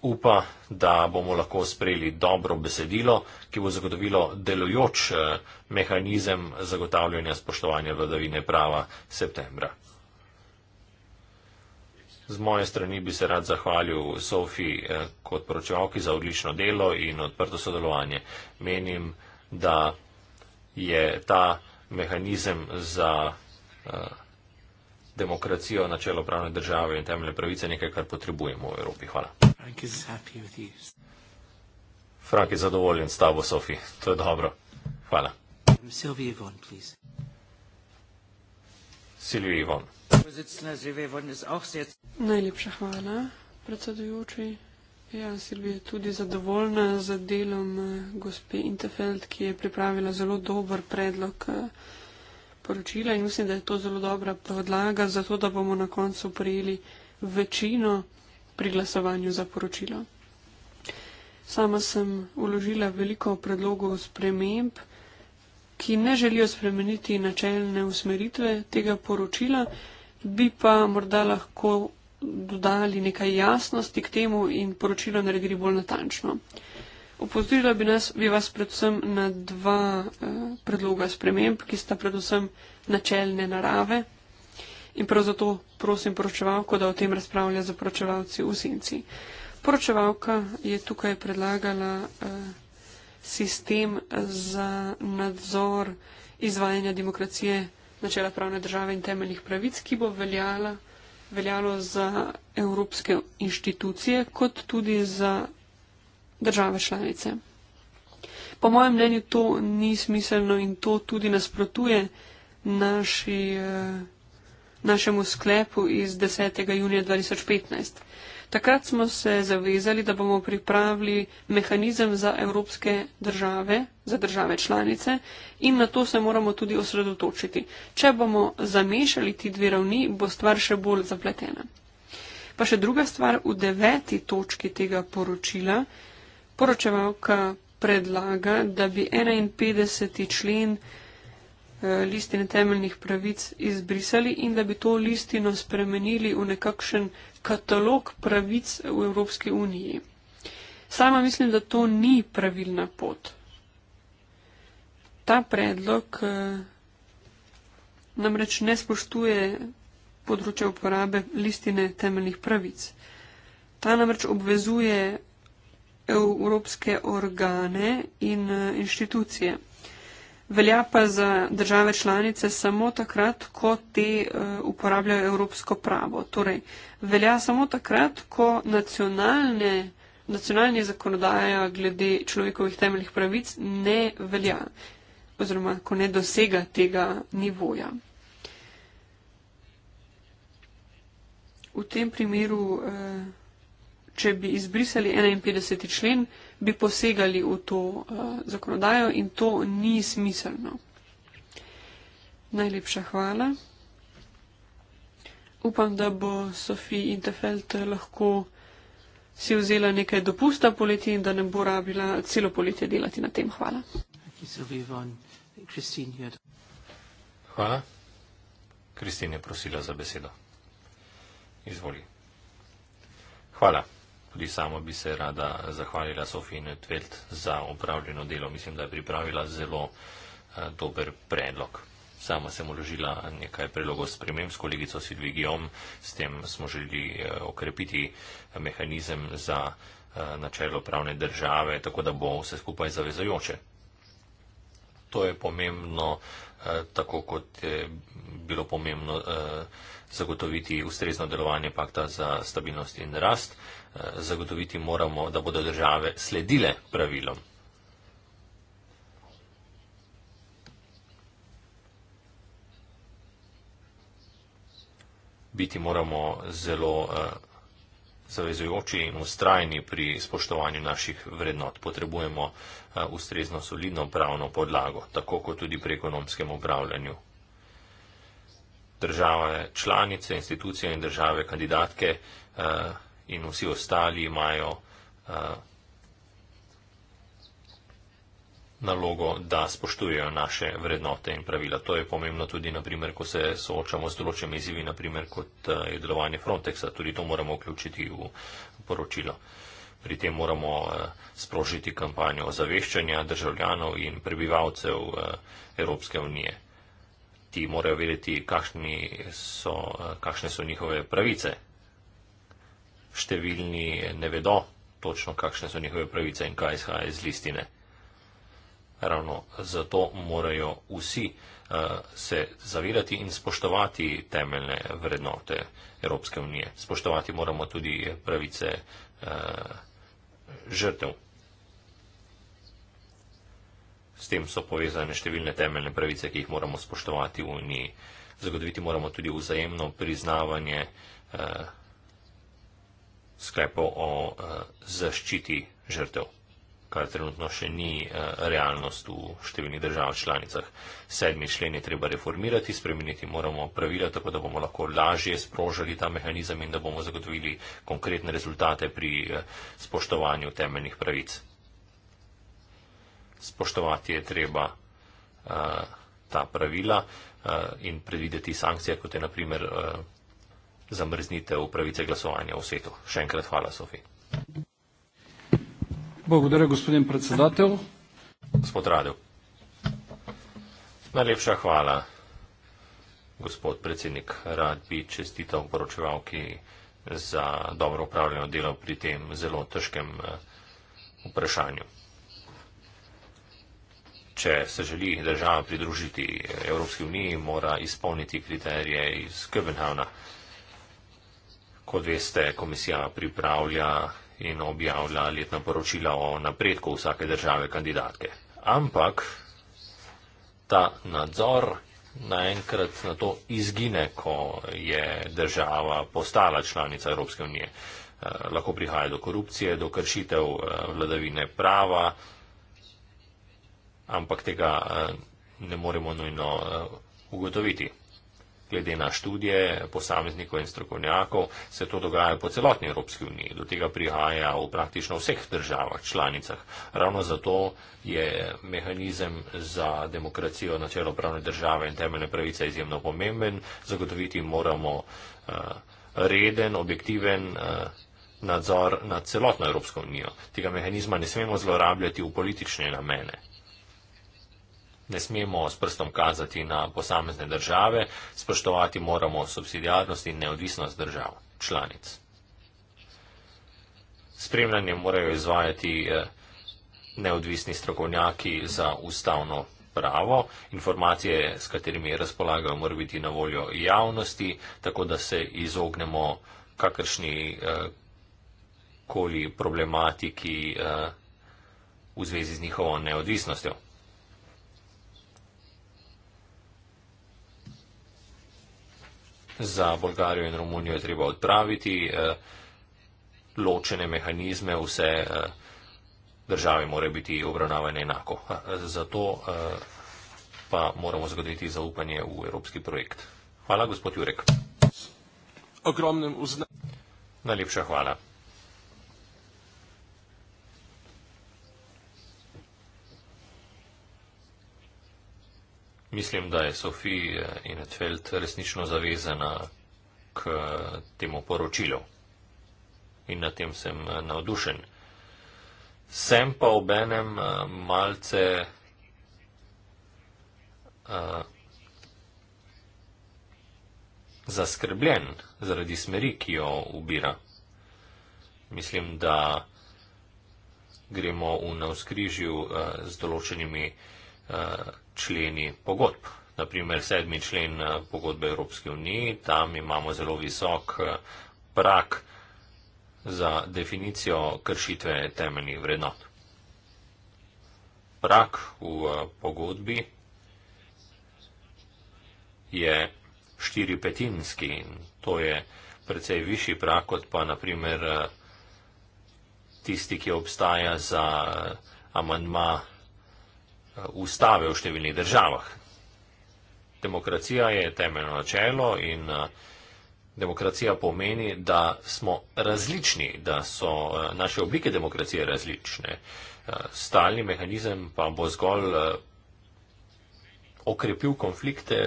C: upa, da bomo lahko sprejeli dobro besedilo, ki bo zagotovilo delujoč eh, mehanizem zagotavljanja spoštovanja vladavine prava septembra. Z moje strani bi se rad zahvalil Sofi eh, kot poročevalki za odlično delo in odprto sodelovanje. Menim, da je ta mehanizem za eh, demokracijo, načelo pravne države in temeljne pravice nekaj, kar potrebujemo v Evropi. Hvala. Frank je zadovoljen s tabo, Sofi. To je dobro. Hvala.
B: Silvija Ivon,
C: prosim. Silvija Ivon.
B: Najlepša hvala, predsedujoči. Ja, Silvija je tudi zadovoljna z delom eh, gospe Interfeld, ki je pripravila zelo dober predlog eh, poročila in mislim, da je to zelo dobra podlaga za to, da bomo na koncu prijeli večino pri glasovanju za poročilo. Sama sem uložila veliko predlogov sprememb, ki ne želijo spremeniti načelne usmeritve tega poročila bi pa morda lahko dodali nekaj jasnosti k temu in poročilo naredili bolj natančno. Opozorila bi, nas, bi vas predvsem na dva eh, predloga sprememb, ki sta predvsem načeljne narave in prav zato prosim poročevalko, da o tem razpravlja za poročevalci v senci. Poročevalka je tukaj predlagala eh, sistem za nadzor izvajanja demokracije načela pravne države in temeljnih pravic, ki bo veljala, veljalo za evropske inštitucije, kot tudi za države članice. Po mojem mnenju to ni smiselno in to tudi nasprotuje naši, eh, našemu sklepu iz 10. junija 2015. Takrat smo se zavezali, da bomo pripravili mehanizem za evropske države, za države članice in na to se moramo tudi osredotočiti. Če bomo zamešali ti dve ravni, bo stvar še bolj zapletena. Pa še druga stvar v deveti točki tega poročila. Poročevalka predlaga, da bi 51. člen eh, listine temeljnih pravic izbrisali in da bi to listino spremenili v nekakšen katalog pravic v Evropski uniji. Sama mislim, da to ni pravilna pot. Ta predlog eh, namreč ne spoštuje področja uporabe listine temeljnih pravic. Ta namreč obvezuje evropske organe in eh, inštitucije velja pa za države članice samo takrat, ko te eh, uporabljajo evropsko pravo. Torej, velja samo takrat, ko nacionalne, nacionalne zakonodaje glede človekovih temeljnih pravic ne velja oziroma ko ne dosega tega nivoja. V tem primeru, eh, če bi izbrisali 51. člen, bi posegali v to uh, zakonodajo in to ni smiselno. Najlepša hvala. Upam, da bo Sofija Interfeld lahko si vzela nekaj dopusta poleti in da ne bo rabila celo poletje delati na tem. Hvala.
C: Hvala. Kristin je prosila za besedo. Izvoli. Hvala. Tudi sama bi se rada zahvalila Sofine Tvelt za upravljeno delo. Mislim, da je pripravila zelo eh, dober predlog. Sama sem uložila nekaj predlogov sprememb s kolegico Sidvigijom, s tem smo želeli eh, okrepiti eh, mehanizem za načelo pravne države, tako da bo vse skupaj zavezajoče. To je pomembno, tako kot je bilo pomembno zagotoviti ustrezno delovanje pakta za stabilnost in rast. Eh, zagotoviti moramo, da bodo države sledile pravilom. Biti moramo zelo eh, zavezujoči in ustrajni pri spoštovanju naših vrednot. Potrebujemo eh, ustrezno solidno pravno podlago, tako kot tudi pri ekonomskem upravljanju. Države članice, institucije in države kandidatke in vsi ostali imajo eh, nalogo, da spoštujejo naše vrednote in pravila. To je pomembno tudi, naprimer, ko se soočamo z določenimi izzivi, naprimer, kot eh, je delovanje Frontexa. Tudi to moramo vključiti v poročilo. Pri tem moramo eh, sprožiti kampanjo ozaveščanja državljanov in prebivalcev Evropske unije. Ti morajo vedeti, kakšne so, so njihove pravice številni ne vedo točno, kakšne so njihove pravice in kaj izhaja iz listine. Ravno zato morajo vsi uh, se zavedati in spoštovati temeljne vrednote Evropske unije. Spoštovati moramo tudi pravice uh, žrtev. S tem so povezane številne temeljne pravice, ki jih moramo spoštovati v Uniji. Zagotoviti moramo tudi vzajemno priznavanje uh, sklepov o eh, zaščiti žrtev, kar trenutno še ni eh, realnost v številnih držav članicah. Sedmi člen je treba reformirati, spremeniti moramo pravila, tako da bomo lahko lažje sprožili ta mehanizem in da bomo zagotovili konkretne rezultate pri eh, spoštovanju temeljnih pravic. Spoštovati je treba ta pravila in predvideti sankcije, kot je naprimer zamrznitev pravice glasovanja v svetu. Še enkrat hvala, Sofi.
B: Bogodare, gospodin predsedatel.
C: Gospod Radev. Najlepša hvala, gospod predsednik. Rad bi čestital poročevalki za dobro upravljeno delo pri tem zelo težkem eh, vprašanju. Če se želi država pridružiti Evropski uniji, mora izpolniti kriterije iz Kopenhavna. Kot veste, komisija pripravlja in objavlja letna poročila o napredku vsake države kandidatke. Ampak ta nadzor naenkrat na to izgine, ko je država postala članica Evropske unije. Eh, lahko prihaja do korupcije, do kršitev eh, vladavine prava, ampak tega eh, ne moremo nujno ugotoviti glede na študije posameznikov in strokovnjakov, se to dogaja po celotni Evropski uniji. Do tega prihaja v praktično vseh državah članicah. Ravno zato je mehanizem za demokracijo, načelo pravne države in temeljne pravice izjemno pomemben. Zagotoviti moramo uh, reden, objektiven. Uh, nadzor nad celotno Evropsko unijo. Tega mehanizma ne smemo zlorabljati v politične namene ne smemo s prstom kazati na posamezne države, spoštovati moramo subsidijarnost in neodvisnost držav, članic. Spremljanje morajo izvajati eh, neodvisni strokovnjaki za ustavno pravo, informacije, s katerimi razpolagajo, morajo biti na voljo javnosti, tako da se izognemo kakršni eh, koli problematiki eh, v zvezi z njihovo neodvisnostjo. za Bolgarijo in Romunijo je treba odpraviti eh, ločene mehanizme, vse eh, države morajo biti obravnavane enako. Zato eh, pa moramo zagotoviti zaupanje v evropski projekt. Hvala, gospod Jurek. Ogromnem vznam. Najlepša hvala. Mislim, da je Sofija Inetfeld resnično zavezana k temu poročilu. In na tem sem eh, navdušen. Sem pa obenem eh, malce. Uh, zaskrbljen zaradi smeri, ki jo ubira. Mislim, da gremo v navskrižju uh, z določenimi uh, členi pogodb. Naprimer, sedmi člen eh, pogodbe Evropske unije, tam imamo zelo visok eh, prak za definicijo kršitve temeljnih vrednot. Prak v eh, pogodbi je štiripetinski in to je precej višji prak kot pa naprimer tisti, ki obstaja za amandma Eh, ustave v številnih državah. Demokracija je temeljno načelo in eh, demokracija pomeni, da smo različni, da so eh, naše oblike demokracije različne. Stalni mehanizem pa bo zgolj okrepil konflikte,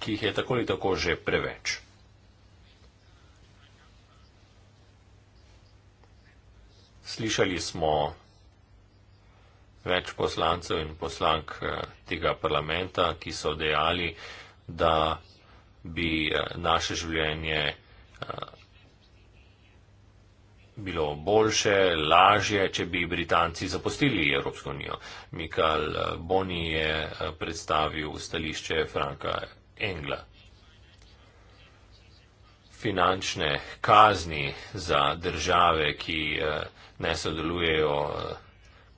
C: ki jih je tako ali tako že preveč. Slišali smo več poslancev in poslank eh, tega parlamenta, ki so dejali, da bi eh, naše življenje eh, bilo boljše, lažje, če bi Britanci zapustili Evropsko unijo. Mikal Boni je predstavil stališče Franka Engla. Finančne kazni za države, ki ne sodelujejo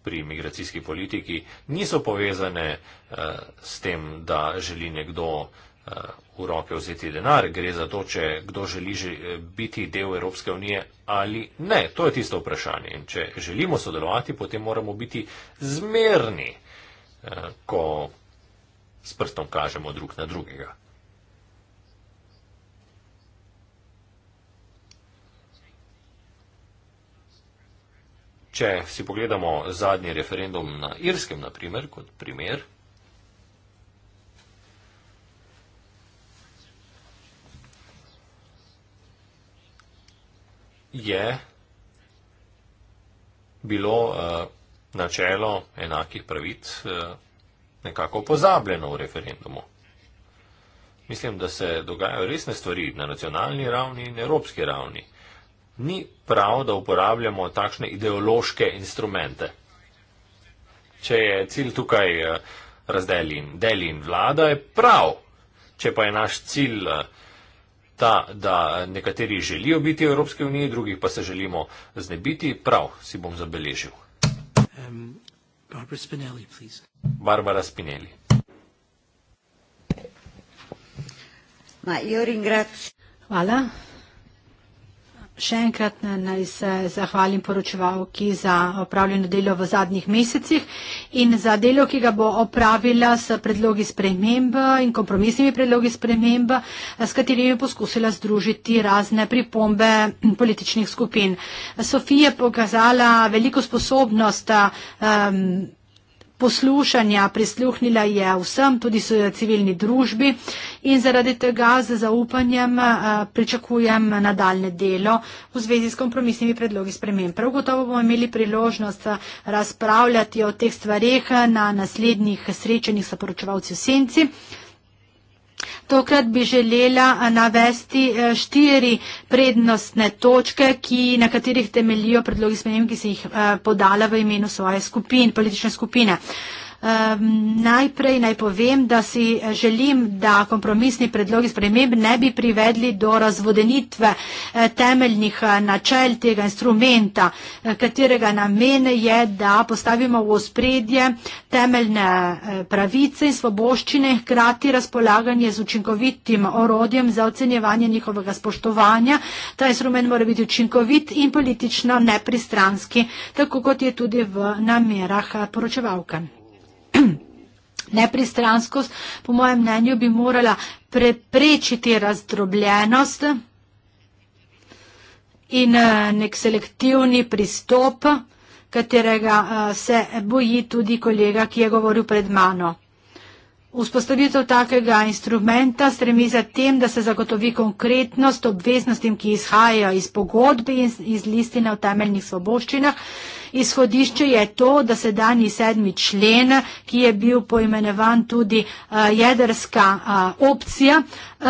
C: pri migracijski politiki, niso povezane eh, s tem, da želi nekdo eh, v roke vzeti denar, gre za to, če kdo želi eh, biti del Evropske unije ali ne. To je tisto vprašanje. In če želimo sodelovati, potem moramo biti zmerni, ko s prstom kažemo drug na drugega. Če si pogledamo zadnji referendum na Irskem, naprimer, kot primer, je bilo uh, načelo enakih pravic uh, nekako pozabljeno v referendumu. Mislim, da se dogajajo resne stvari na nacionalni ravni in evropski ravni ni prav, da uporabljamo takšne ideološke instrumente. Če je cilj tukaj eh, razdeli in deli in vlada, je prav. Če pa je naš cilj eh, ta, da nekateri želijo biti v Evropski uniji, drugi pa se želimo znebiti, prav si bom zabeležil. Um, Barbara Spinelli.
A: Hvala. Še enkrat eh, naj se zahvalim poročevalki za opravljeno delo v zadnjih mesecih in za delo, ki ga bo opravila s predlogi sprememb in kompromisnimi predlogi sprememb, eh, s katerimi je poskusila združiti razne pripombe političnih skupin. Sofija je pokazala veliko sposobnost. Um, poslušanja, prisluhnila je vsem, tudi so civilni družbi in zaradi tega z zaupanjem eh, pričakujem nadaljne delo v zvezi s kompromisnimi predlogi sprememb. Prav gotovo bomo imeli priložnost eh, razpravljati o teh stvareh na naslednjih srečanjih s poročevalci v Senci. Tokrat bi želela navesti e, štiri prednostne točke, ki, na katerih temelijo predlogi spremem, ki se jih e, podala v imenu svoje skupin, politične skupine. Um, najprej naj povem, da si eh, želim, da kompromisni predlogi sprememb ne bi privedli do razvodenitve eh, temeljnih eh, načel tega instrumenta, katerega namen je, da postavimo v ospredje temeljne pravice in svoboščine, hkrati razpolaganje z učinkovitim orodjem za ocenjevanje njihovega spoštovanja. Ta instrument mora biti učinkovit in politično nepristranski, tako kot je tudi v namerah poročevalke. Nepristranskost, po mojem mnenju, bi morala preprečiti razdrobljenost in eh, nek selektivni pristop, katerega eh, se boji tudi kolega, ki je govoril pred mano. Vzpostavitev takega instrumenta stremi za tem, da se zagotovi konkretnost obveznostim, ki izhajajo iz pogodbi in iz listine o temeljnih svoboščinah, Izhodišče je to, da se danji sedmi člen, ki je bil poimenovan tudi eh, jedrska eh, opcija, eh,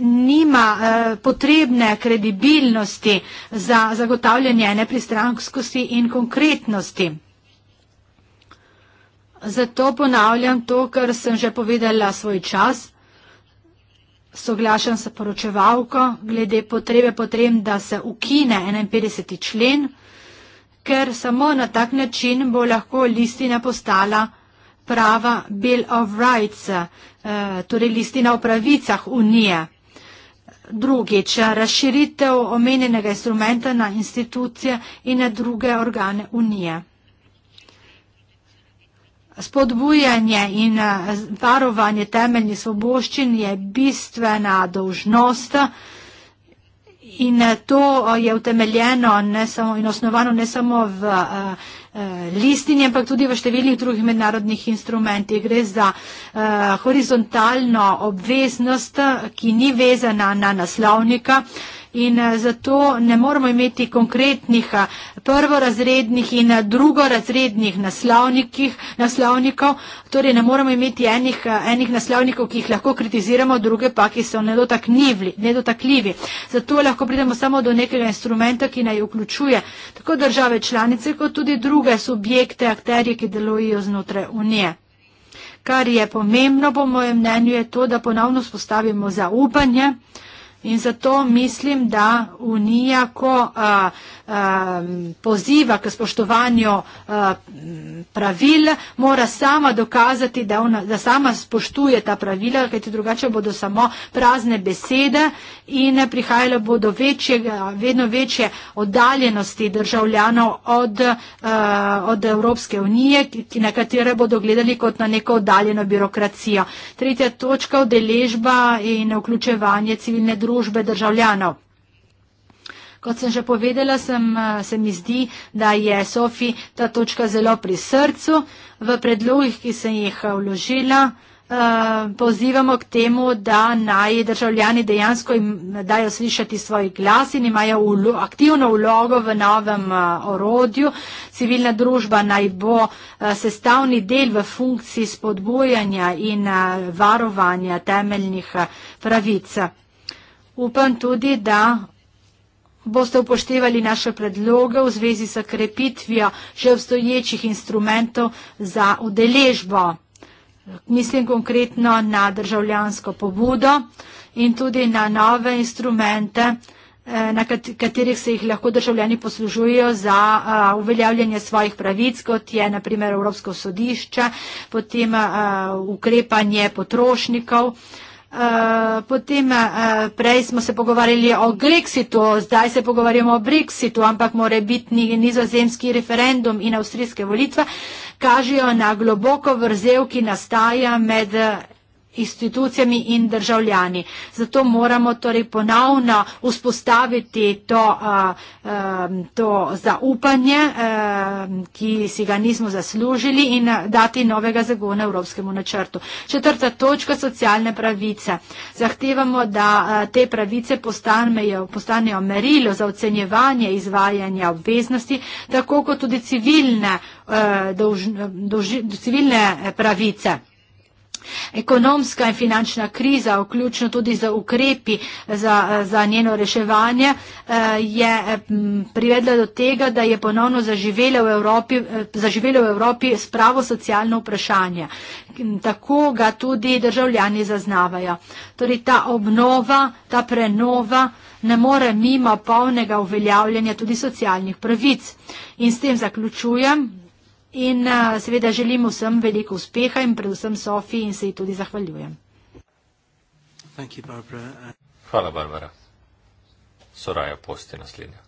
A: nima potrebne kredibilnosti za zagotavljanje nepristranskosti in konkretnosti. Zato ponavljam to, kar sem že povedala svoj čas. Soglašam se poročevalko glede potrebe potrem, da se ukine 51. člen ker samo na tak način bo lahko listina postala prava Bill of Rights, eh, torej listina o pravicah unije. Drugič, razširitev omenjenega instrumenta na institucije in na druge organe unije. Spodbujanje in eh, varovanje temeljnih svoboščin je bistvena dolžnost, In eh, to eh, je utemeljeno ne samo, in osnovano ne samo v uh, listini, ampak tudi v številnih drugih mednarodnih instrumentih. Gre za uh, horizontalno obveznost, ki ni vezana na naslovnika. Uh, in eh, zato ne moramo imeti konkretnih eh, prvorazrednih in eh, drugorazrednih naslovnikov, torej ne moramo imeti enih, enih naslovnikov, ki jih lahko kritiziramo, druge pa, ki so nedotakljivi. Zato lahko pridemo samo do nekega instrumenta, ki naj vključuje tako države članice, kot tudi druge subjekte, akterje, ki delujejo znotraj Unije. Kar je pomembno, po mojem mnenju, je to, da ponovno spostavimo zaupanje, In zato mislim, da Unija, ko a, a, poziva k spoštovanju a, pravil, mora sama dokazati, da, ona, da sama spoštuje ta pravila, kajti drugače bodo samo prazne besede in prihajalo bo do večjega, vedno večje oddaljenosti državljanov od, a, od Evropske unije, ki, na katere bodo gledali kot na neko oddaljeno birokracijo. Tretja točka, odeležba in vključevanje civilne družbe družbe državljanov. Kot sem že povedala, sem, eh, se mi zdi, da je Sofi ta točka zelo pri srcu. V predlogih, ki sem jih eh, vložila, eh, pozivamo k temu, da naj državljani dejansko dajo slišati svoj glas in imajo ulo, aktivno vlogo v novem orodju. Civilna družba naj bo sestavni del v funkciji spodbojanja in varovanja temeljnih pravic. Upam tudi, da boste upoštevali naše predloge v zvezi s krepitvijo že obstoječih instrumentov za udeležbo. Mislim konkretno na državljansko pobudo in tudi na nove instrumente, eh, na katerih se jih lahko državljani poslužujejo za eh, uveljavljanje svojih pravic, kot je naprimer Evropsko sodišče, potem eh, ukrepanje potrošnikov. Uh, potem uh, prej smo se pogovarjali o Grexitu, zdaj se pogovarjamo o Brexitu, ampak more biti nizozemski referendum in avstrijske volitve kažejo na globoko vrzel, ki nastaja med institucijami in državljani. Zato moramo torej ponovno vzpostaviti to, a, a, to zaupanje, a, ki si ga nismo zaslužili in dati novega zagona Evropskemu načrtu. Četrta točka socialne pravice. Zahtevamo, da a, te pravice postanjo, postanjo merilo za ocenjevanje izvajanja obveznosti, tako kot tudi civilne, a, dolž, dolž, civilne pravice. Ekonomska in finančna kriza, vključno tudi z ukrepi za, za njeno reševanje, eh, je privedla do tega, da je ponovno zaživelo v Evropi, eh, zaživelo v Evropi spravo socialno vprašanje. Tako ga tudi državljani zaznavajo. Torej ta obnova, ta prenova ne more mimo polnega uveljavljanja tudi socialnih pravic. In s tem zaključujem, In uh, seveda želim vsem veliko uspeha in predvsem Sofi in se ji tudi zahvaljujem.
C: Hvala, Barbara. Soraja Post je naslednja.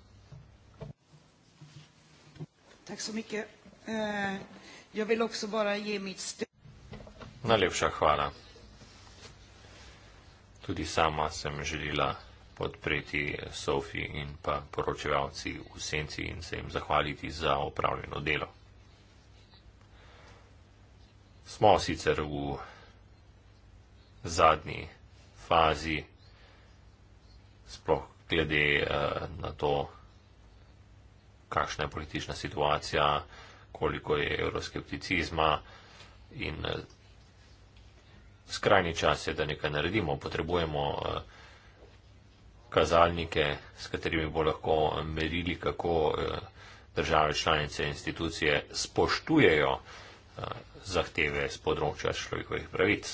C: Eh, Najlepša hvala. Tudi sama sem želila podpreti Sofi in pa poročevalci v senci in se jim zahvaliti za opravljeno delo smo sicer v zadnji fazi, sploh glede eh, na to, kakšna je politična situacija, koliko je euroskepticizma in eh, skrajni čas je, da nekaj naredimo. Potrebujemo eh, kazalnike, s katerimi bo lahko merili, kako države članice in institucije spoštujejo zahteve z področja človekovih pravic.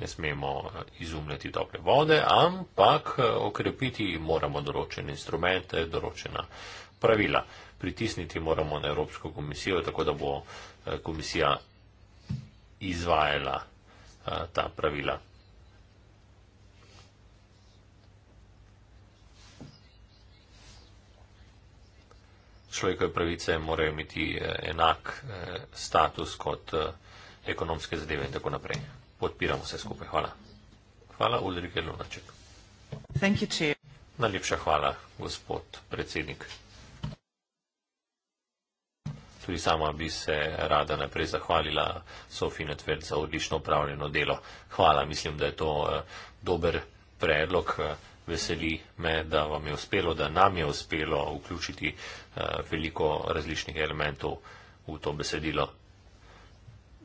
C: Ne smemo eh, izumljati tople vode, ampak eh, okrepiti moramo določene instrumente, določena pravila. Pritisniti moramo na Evropsko komisijo, tako da bo eh, komisija izvajala ta pravila. človekove pravice morajo imeti eh, enak eh, status kot eh, ekonomske zadeve in tako naprej. Podpiramo vse skupaj. Hvala. Hvala, Ulrike Lunaček. Najlepša hvala, gospod predsednik. Tudi sama bi se rada najprej zahvalila Sofiji Netver za odlično upravljeno delo. Hvala, mislim, da je to dober predlog veseli me, da vam je uspelo, da nam je uspelo vključiti eh, veliko različnih elementov v to besedilo.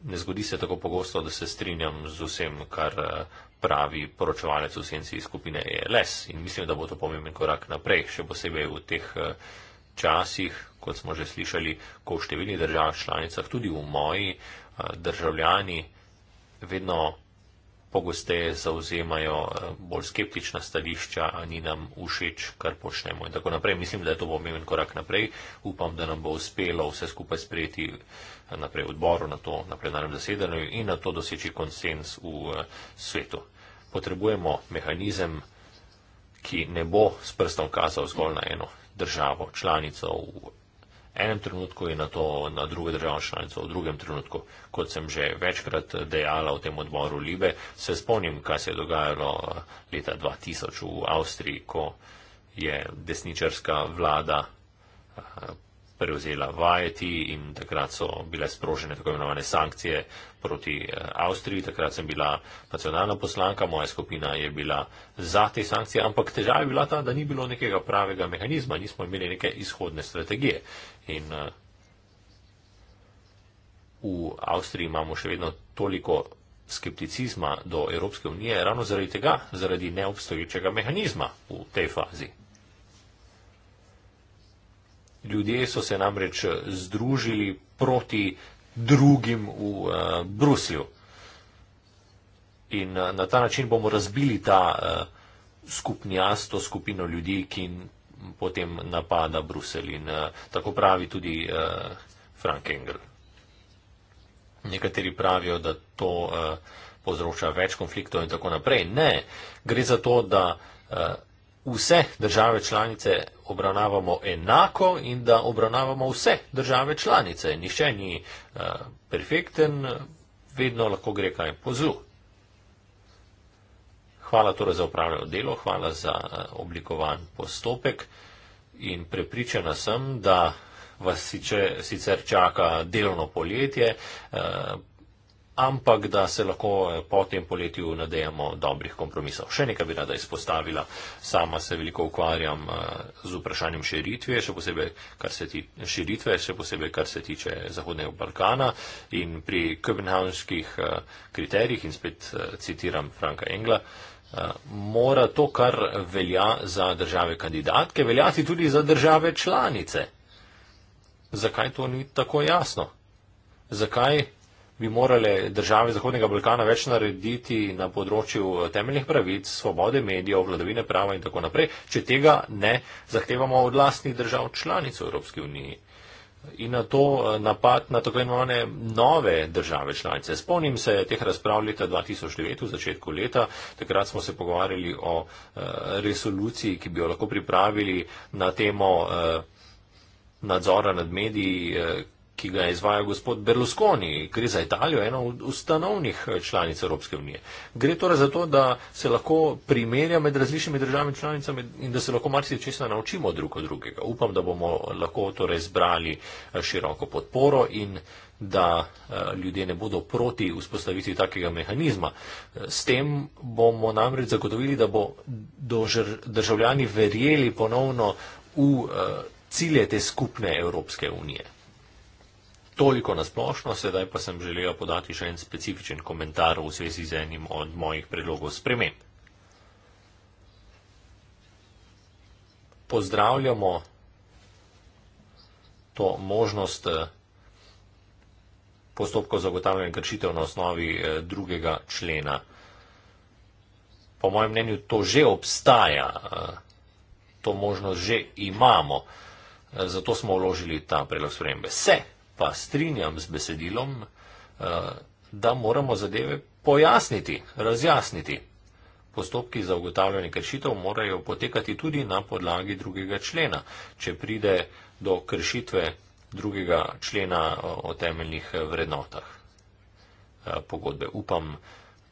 C: Ne zgodi se tako pogosto, da se strinjam z vsem, kar eh, pravi poročevalec v senci skupine ELS in mislim, da bo to pomemben korak naprej, še posebej v teh eh, časih, kot smo že slišali, ko v številnih državah članicah, tudi v moji, državljani vedno pogosteje zauzemajo eh, bolj skeptična stališča, a ni nam všeč, kar počnemo in tako naprej. Mislim, da je to pomemben korak naprej. Upam, da nam bo uspelo vse skupaj sprejeti eh, naprej v odboru na to, na plenarnem zasedanju in na to doseči konsens v eh, svetu. Potrebujemo mehanizem, ki ne bo s prstom kazal zgolj na eno državo, članico v enem trenutku in na to na druge države članice v drugem trenutku. Kot sem že večkrat dejala v tem odboru Libe, se spomnim, kaj se je dogajalo eh, leta 2000 v Avstriji, ko je desničarska vlada eh, prevzela vajeti in takrat so bile sprožene tako imenovane sankcije proti eh, Avstriji. Takrat sem bila nacionalna poslanka, moja skupina je bila za te sankcije, ampak težava je bila ta, da ni bilo nekega pravega mehanizma, nismo imeli neke izhodne strategije. In eh, v Avstriji imamo še vedno toliko skepticizma do Evropske unije ravno zaradi tega, zaradi neobstoječega mehanizma v tej fazi. Ljudje so se namreč združili proti drugim v uh, Bruslju. In uh, na ta način bomo razbili ta uh, skupni jaz, to skupino ljudi, ki potem napada Bruselj. In uh, tako pravi tudi uh, Frank Engel. Nekateri pravijo, da to uh, povzroča več konfliktov in tako naprej. Ne, gre za to, da. Uh, vse države članice obravnavamo enako in da obravnavamo vse države članice. Nihče ni uh, perfekten, vedno lahko gre kaj po zlu. Hvala torej za upravljeno delo, hvala za eh, oblikovan postopek in prepričana sem, da vas sicer čaka delovno poletje, eh, ampak da se lahko eh, po tem poletju nadejamo dobrih kompromisov. Še nekaj bi rada izpostavila. Sama se veliko ukvarjam eh, z vprašanjem širitve, še posebej kar se, ti, širitve, še posebej, kar se tiče Zahodnega Balkana in pri kopenhavnskih eh, kriterijih in spet citiram Franka Engla. Mora to, kar velja za države kandidatke, veljati tudi za države članice. Zakaj to ni tako jasno? Zakaj bi morale države Zahodnega Balkana več narediti na področju temeljnih pravic, svobode medijev, vladavine prava in tako naprej, če tega ne zahtevamo od vlastnih držav članic v Evropski uniji. In na to eh, napad na tako imenovane nove države članice. Spomnim se teh razprav leta 2009, v začetku leta, takrat smo se pogovarjali o eh, resoluciji, ki bi jo lahko pripravili na temo eh, nadzora nad mediji, ki ga izvaja gospod Berlusconi, gre za Italijo, eno od ustanovnih eh, članic Evropske unije. Gre torej za to, da se lahko primerja med različnimi državami članicami in da se lahko marsikaj česa naučimo drug od drugega. Upam, da bomo lahko torej zbrali eh, široko podporo in da eh, ljudje ne bodo proti vzpostavitvi takega mehanizma. S tem bomo namreč zagotovili, da bo državljani verjeli ponovno v cilje te skupne Evropske unije. Toliko nasplošno, sedaj pa sem želel podati še en specifičen komentar v zvezi z enim od mojih predlogov sprememb. Pozdravljamo to možnost eh, postopka zagotavljanja kršitev na osnovi eh, drugega člena. Po mojem mnenju to že obstaja, eh, to možnost že imamo, zato smo vložili ta predlog spremembe. Vse! pa strinjam z besedilom, eh, da moramo zadeve pojasniti, razjasniti. Postopki za ugotavljanje kršitev morajo potekati tudi na podlagi drugega člena. Če pride do kršitve drugega člena eh, o temeljnih eh, vrednotah pogodbe. Upam,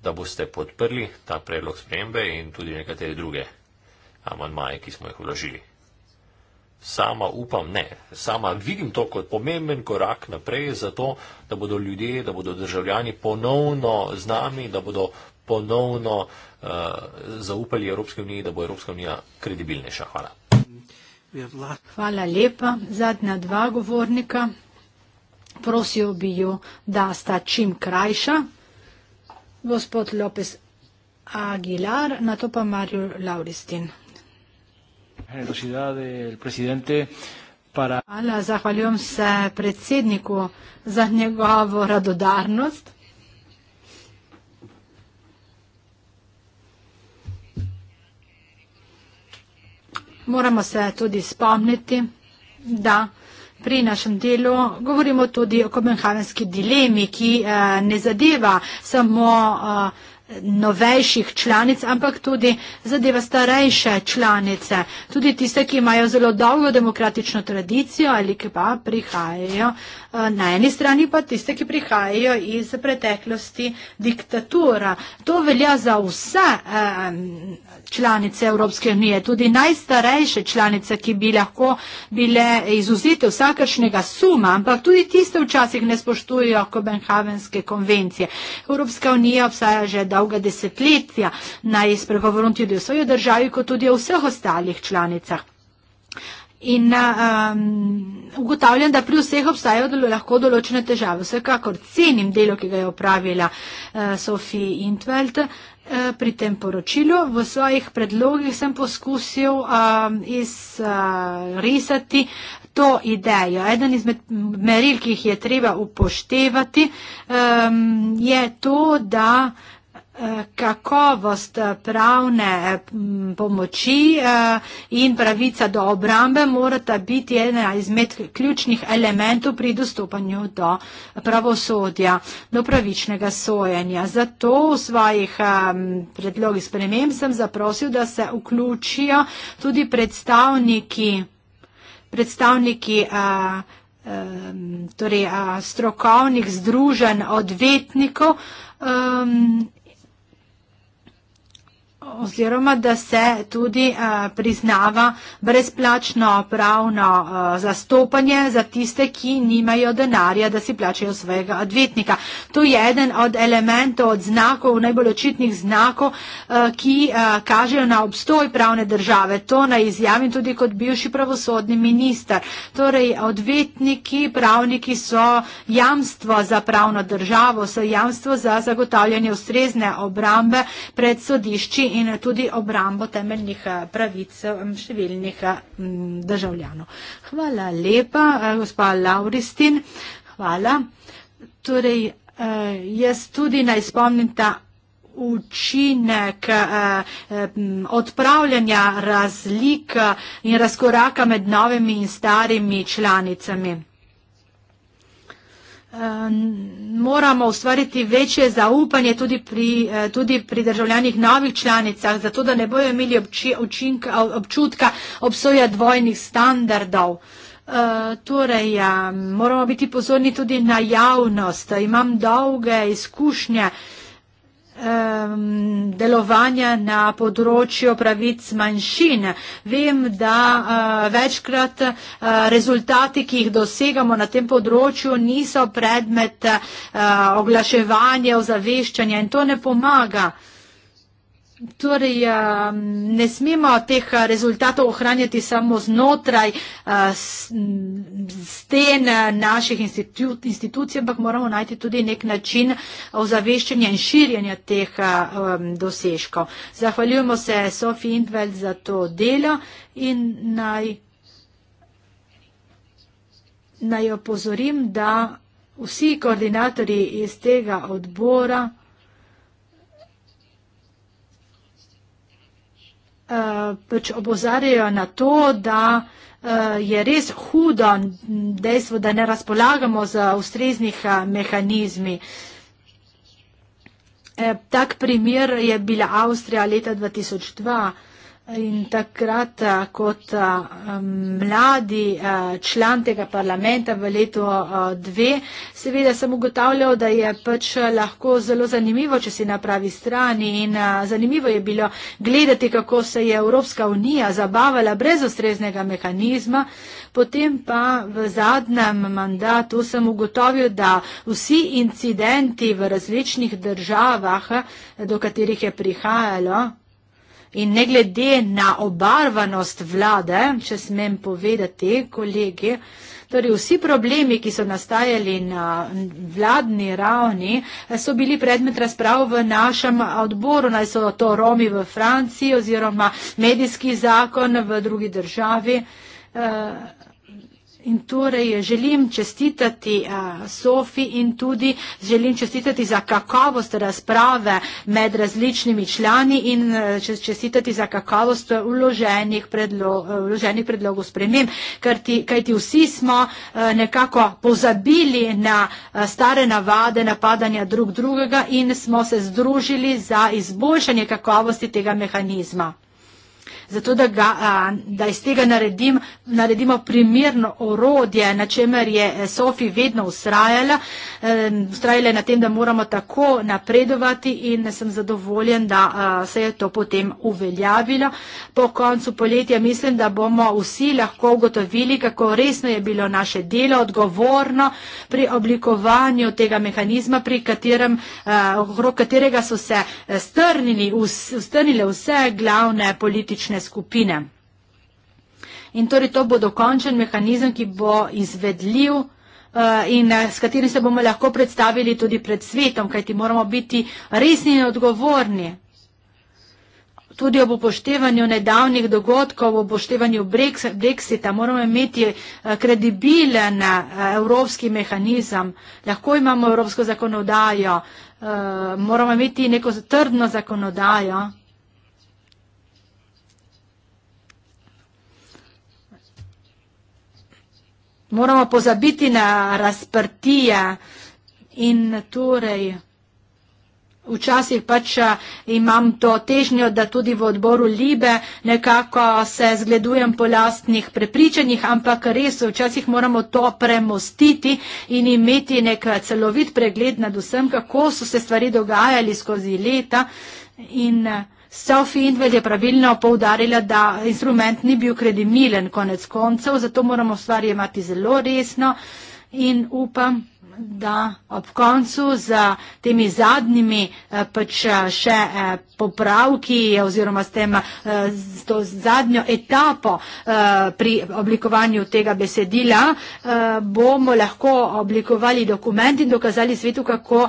C: da boste podprli ta predlog spremembe in tudi nekatere druge amandmaje, ki smo jih vložili. Sama upam, ne, sama vidim to kot pomemben korak naprej, zato da bodo ljudje, da bodo državljani ponovno z nami, da bodo ponovno uh, zaupali Evropske unije, da bo Evropska unija kredibilnejša. Hvala.
A: Hvala lepa. Zadnja dva govornika. Prosil bi jo, da sta čim krajša. Gospod Lopes Aguilar, na to pa Mario Lauristin generosidad del presidente para. Hvala, zahvaljujem se predsedniku za njegovo radodarnost. Moramo se tudi spomniti, da pri našem delu govorimo tudi o kopenhavenski dilemi, ki eh, ne zadeva samo eh, novejših članic, ampak tudi zadeva starejše članice, tudi tiste, ki imajo zelo dolgo demokratično tradicijo ali ki pa prihajajo eh, na eni strani, pa tiste, ki prihajajo iz preteklosti diktatura. To velja za vse eh, članice Evropske unije, tudi najstarejše članice, ki bi lahko bile izuzete vsakršnega suma, ampak tudi tiste včasih ne spoštujejo Kobenhavenske konvencije. Evropska unija obstaja že da dolga desetletja naj spregovorim tudi o svoji državi, kot tudi o vseh ostalih članicah. In um, ugotavljam, da pri vseh obstajajo dolo, lahko določene težave. Vsekakor cenim delo, ki ga je opravila uh, Sofija Intveld uh, pri tem poročilu. V svojih predlogih sem poskusil uh, izrisati uh, to idejo. Eden izmed meril, ki jih je treba upoštevati, um, je to, da. Uh, kakovost pravne pomoči eh, in pravica do obrambe morata biti ena izmed ključnih elementov pri dostopanju do pravosodja, do pravičnega sojenja. Zato v svojih eh, predlogih sprememb sem zaprosil, da se vključijo tudi predstavniki, predstavniki eh, torej, strokovnih združen odvetnikov oziroma da se tudi eh, priznava brezplačno pravno eh, zastopanje za tiste, ki nimajo denarja, da si plačajo svojega odvetnika. To je eden od elementov, od znakov, najbolj očitnih znakov, eh, ki kažejo na obstoj pravne države. To naj izjavim tudi kot bivši pravosodni minister. Torej, odvetniki, pravniki so jamstvo za pravno državo, so jamstvo za zagotavljanje ustrezne obrambe pred sodišči in tudi obrambo temeljnih eh, pravic eh, številnih eh, državljanov. Hvala lepa, gospa Lauristin. Hvala. Torej, jaz tudi naj spomnim ta učinek odpravljanja razlik in razkoraka med novimi in starimi članicami moramo ustvariti večje zaupanje tudi pri, eh, tudi pri državljanih novih članicah, zato da ne bojo imeli obči, učinka, občutka obsoja dvojnih standardov. Uh, torej, moramo biti pozorni tudi na javnost. Imam dolge izkušnje uh, um, delovanja na področju pravic manjšin. Vem, da uh, večkrat uh, rezultati, ki jih dosegamo na tem področju, niso predmet uh, oglaševanja, ozaveščanja in to ne pomaga. Uh, Torej, um, ne smemo teh uh, rezultatov ohranjati samo znotraj uh, sten uh, naših institucij, ampak moramo najti tudi nek način ozaveščanja in širjenja teh um, dosežkov. Zahvaljujemo se Sofi Indveld za to delo in naj, naj opozorim, da vsi koordinatori iz tega odbora Eh, pač obozarjajo na to, da eh, je res hudo dejstvo, da ne razpolagamo z ustreznih eh, mehanizmi. Tak primer je bila Avstrija leta 2002. In takrat eh, kot eh, mladi eh, član tega parlamenta v letu dve, seveda sem ugotavljal, da je pač lahko zelo zanimivo, če si na pravi strani. In zanimivo je bilo gledati, kako se je Evropska unija zabavala brez ustreznega mehanizma. Potem pa v zadnjem mandatu sem ugotovil, da vsi incidenti v različnih državah, do katerih je prihajalo, In ne glede na obarvanost vlade, če smem povedati, kolegi, torej vsi problemi, ki so nastajali na vladni ravni, so bili predmet razprav v našem odboru. Naj so to Romi v Franciji oziroma medijski zakon v drugi državi. Uh, In torej želim čestitati Sofi in tudi želim čestitati za kakavost razprave med različnimi člani in čestitati za kakavost vloženih, predlo, vloženih predlogov sprememb, kajti vsi smo nekako pozabili na stare navade napadanja drug drugega in smo se združili za izboljšanje kakavosti tega mehanizma zato da, ga, a, da iz tega naredim, naredimo primirno orodje, na čemer je e, Sofi vedno ustrajala. E, ustrajala je na tem, da moramo tako napredovati in sem zadovoljen, da a, se je to potem uveljavilo. Po koncu poletja mislim, da bomo vsi lahko ugotovili, kako resno je bilo naše delo, odgovorno pri oblikovanju tega mehanizma, pri katerem, a, okrog katerega so se e, strnili, us, strnile vse glavne politične ciljne skupine. In torej to bo dokončen mehanizem, ki bo izvedljiv eh, in eh, s katerim se bomo lahko predstavili tudi pred svetom, kajti moramo biti resni in odgovorni. Tudi ob upoštevanju nedavnih dogodkov, ob upoštevanju Brexita moramo imeti eh, kredibilen evropski mehanizem, lahko imamo evropsko zakonodajo, moramo imeti neko trdno zakonodajo. moramo pozabiti na razprtija in torej včasih pač imam to težnjo, da tudi v odboru Libe nekako se zgledujem po lastnih prepričanjih, ampak res včasih moramo to premostiti in imeti nek celovit pregled nad vsem, kako so se stvari dogajali skozi leta in Sophie Invel je pravilno poudarila, da instrument ni bil kredibilen konec koncev, zato moramo stvar jemati zelo resno in upam, da ob koncu z temi zadnjimi eh, pač eh, še eh, popravki oziroma s tem z to zadnjo etapo pri oblikovanju tega besedila bomo lahko oblikovali dokument in dokazali svetu, kako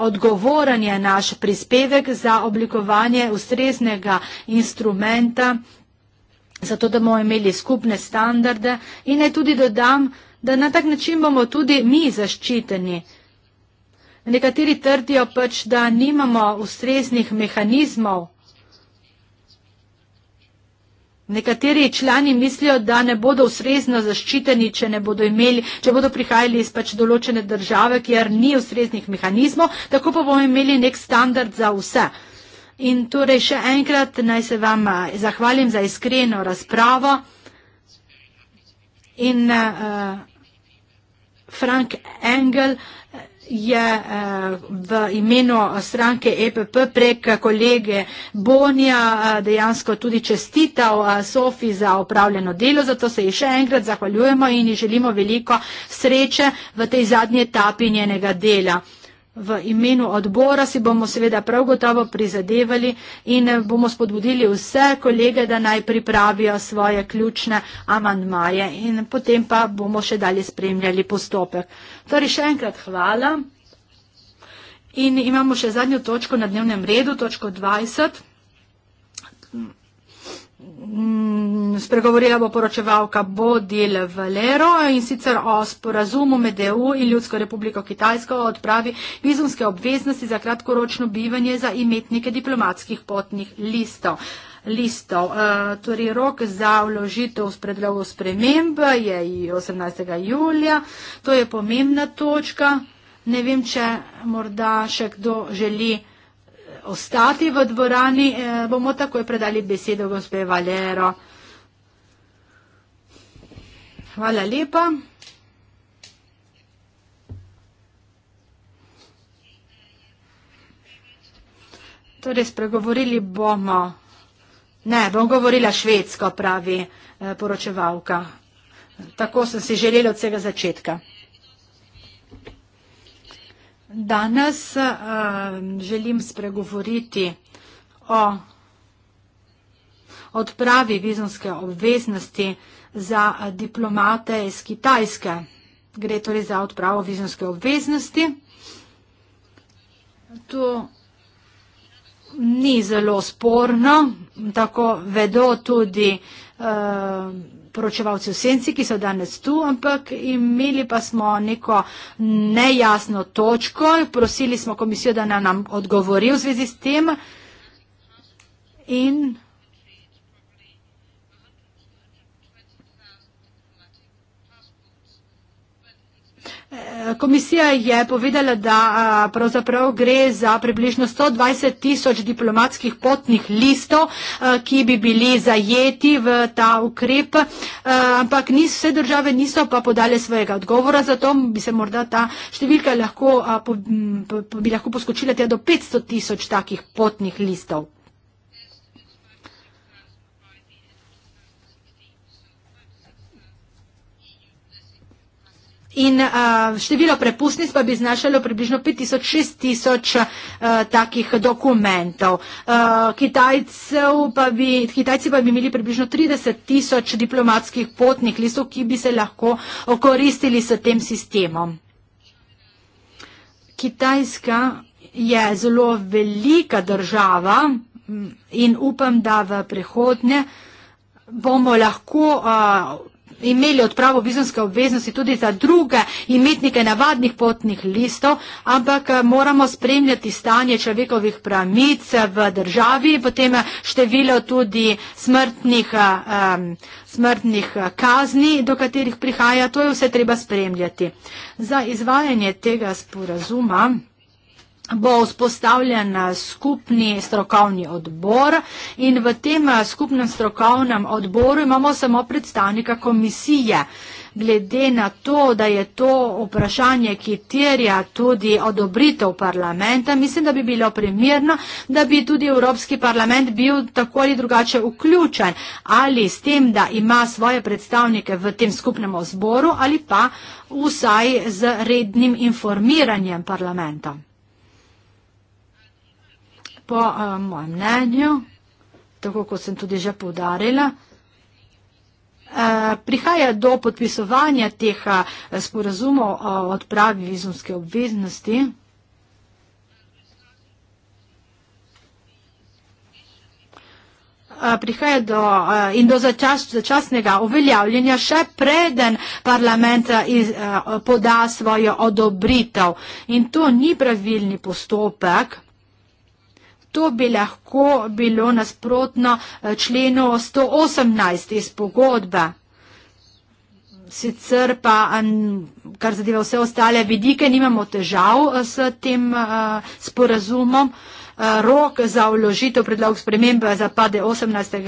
A: odgovoren je naš prispevek za oblikovanje ustreznega instrumenta, zato da bomo imeli skupne standarde in naj tudi dodam, da na tak način bomo tudi mi zaščiteni. Nekateri trdijo pač, da nimamo ustreznih mehanizmov. Nekateri člani mislijo, da ne bodo ustrezno zaščiteni, če, bodo, imeli, če bodo prihajali iz pač določene države, kjer ni ustreznih mehanizmov, tako pa bomo imeli nek standard za vse. In torej še enkrat naj se vam eh, zahvalim za iskreno razpravo. In, uh, Frank Engel je eh, v imenu stranke EPP prek kolege Bonija eh, dejansko tudi čestital eh, Sofi za opravljeno delo, zato se ji še enkrat zahvaljujemo in ji želimo veliko sreče v tej zadnji etapi njenega dela v imenu odbora si bomo seveda prav gotovo prizadevali in eh, bomo spodbudili vse kolege, da naj pripravijo svoje ključne amandmaje in potem pa bomo še dalje spremljali postopek. Torej še enkrat hvala in imamo še zadnjo točko na dnevnem redu, točko 20. Mm, spregovorila bo poročevalka Bodil Valero in sicer o sporazumu med EU in Ljudsko republiko Kitajsko o odpravi vizumske obveznosti za kratkoročno bivanje za imetnike diplomatskih potnih listov. listov. E, torej rok za vložitev s predlogom sprememb je 18. julija, to je pomembna točka. Ne vem, če morda še kdo želi ostati v dvorani, eh, bomo takoj predali besedo gospe Valero. Hvala lepa. Torej, spregovorili bomo. Ne, bom govorila švedsko, pravi eh, poročevalka. Tako sem si želela od vsega začetka. Danes uh, želim spregovoriti o odpravi vizumske obveznosti za eh, diplomate iz Kitajske. Gre torej za odpravo vizumske obveznosti. To ni zelo sporno, tako vedo tudi uh, poročevalci v senci, ki so danes tu, ampak imeli pa smo neko nejasno točko. Prosili smo komisijo, da nam odgovori v zvezi s tem. In Komisija je povedala, da pravzaprav gre za približno 120 tisoč diplomatskih potnih listov, ki bi bili zajeti v ta ukrep, ampak ni, vse države niso pa podale svojega odgovora, zato bi se morda ta številka lahko, bi lahko poskočila do 500 tisoč takih potnih listov. In uh, število prepustnic pa bi znašalo približno 5000-6000 uh, takih dokumentov. Uh, pa bi, Kitajci pa bi imeli približno 30 tisoč diplomatskih potnih listov, ki bi se lahko okoristili s tem sistemom. Kitajska je zelo velika država in upam, da v prihodnje bomo lahko. Uh, imeli odpravo vizumske obveznosti tudi za druge imetnike navadnih potnih listov, ampak eh, moramo spremljati stanje človekovih pravic eh, v državi, potem eh, število tudi smrtnih, um, smrtnih kazni, do katerih prihaja. To je vse treba spremljati. Za izvajanje tega sporazuma bo vzpostavljen skupni strokovni odbor in v tem eh, skupnem strokovnem odboru imamo samo predstavnika komisije. Glede na to, da je to vprašanje, ki terja tudi odobritev parlamenta, mislim, da bi bilo primerno, da bi tudi Evropski parlament bil tako ali drugače vključen ali s tem, da ima svoje predstavnike v tem skupnem zboru ali pa vsaj z rednim informiranjem parlamenta po uh, mojem mnenju, tako kot sem tudi že povdarila, uh, eh, prihaja do podpisovanja teh eh, sporazumov o odpravi vizumske obveznosti. prihaja do, in do začas, začasnega uveljavljanja še preden parlament iz, poda svojo odobritev. In to ni pravilni postopek. To bi lahko bilo nasprotno eh, členu 118 iz pogodbe. Sicer pa, kar zadeva vse ostale vidike, nimamo težav eh, s tem eh, sporazumom. Rok za vložitev predlog spremembe zapade 18.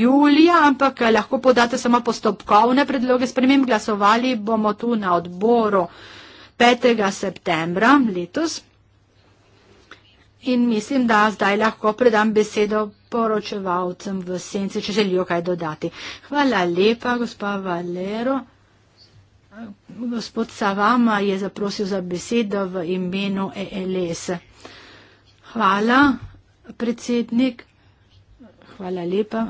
A: julija, ampak lahko podate samo postopkovne predloge sprememb. Glasovali bomo tu na odboru 5. septembra letos in mislim, da zdaj lahko predam besedo poročevalcem v senci, če želijo kaj dodati. Hvala lepa, gospa Valero. Gospod Savama je zaprosil za besedo v imenu ELS. Hvala, predsednik. Hvala lepa.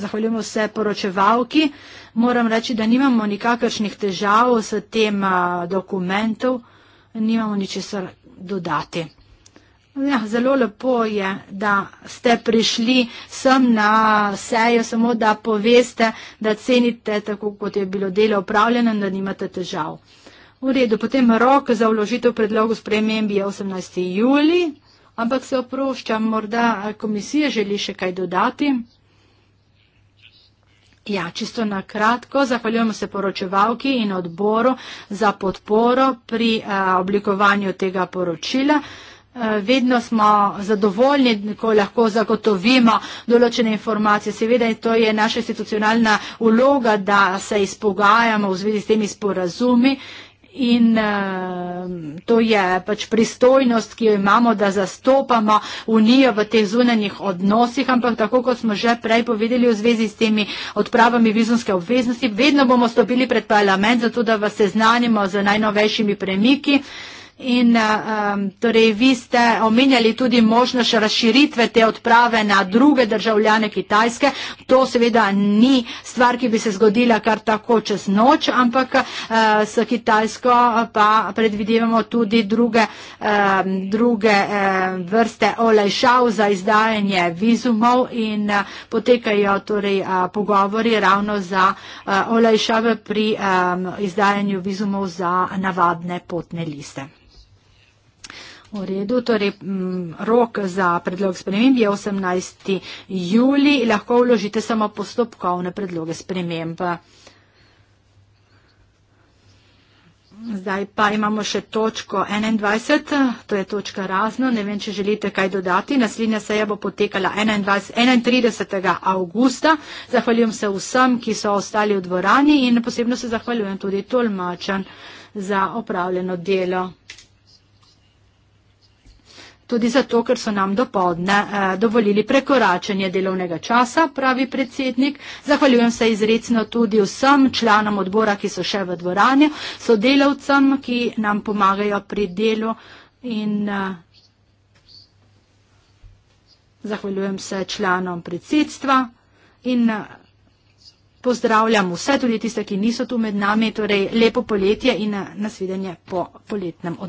A: Zahvaljujemo se poročevalki. Moram reči, da nimamo nikakršnih težav s tem dokumentov, nimamo ničesar dodati. Ja, zelo lepo je, da ste prišli sem na sejo, samo da poveste, da cenite tako, kot je bilo delo upravljeno in da nimate težav. V redu, potem rok za vložitev predlogu spremembi je 18. juli, ampak se oproščam, morda komisija želi še kaj dodati. Ja, čisto na kratko, zahvaljujemo se poročevalki in odboru za podporo pri a, eh, oblikovanju tega poročila. Eh, vedno smo zadovoljni, ko lahko zagotovimo določene informacije. Seveda in to je naša institucionalna uloga, da se izpogajamo v zvezi s temi sporazumi. In uh, to je pač pristojnost, ki jo imamo, da zastopamo unijo v teh zunanjih odnosih, ampak tako kot smo že prej povedali v zvezi s temi odpravami vizumske obveznosti, vedno bomo stopili pred parlament, zato da vas seznanimo z najnovejšimi premiki. Uh, In um, torej vi ste omenjali tudi možnost razširitve te odprave na druge državljane Kitajske. To seveda ni stvar, ki bi se zgodila kar tako čez noč, ampak uh, s Kitajsko eh, pa predvidevamo tudi druge, um, druge um, vrste olajšav za izdajanje vizumov in uh, potekajo torej uh, pogovori ravno za uh, olajšave pri um, izdajanju vizumov za navadne potne liste. V redu, torej m, mm, rok za predlog sprememb je 18. juli, lahko vložite samo postopkovne predloge sprememb. Zdaj pa imamo še točko 21, to je točka razno, ne vem, če želite kaj dodati. Naslednja seja bo potekala 21, 31. augusta. Zahvaljujem se vsem, ki so ostali v dvorani in posebno se zahvaljujem tudi tolmačan za opravljeno delo tudi zato, ker so nam dopodne eh, dovolili prekoračenje delovnega časa, pravi predsednik. Zahvaljujem se izredno tudi vsem članom odbora, ki so še v dvorani, sodelavcem, ki nam pomagajo pri delu in eh, zahvaljujem se članom predsedstva in eh, pozdravljam vse, tudi tiste, ki niso tu med nami, torej lepo poletje in nasvidenje po poletnem odboru.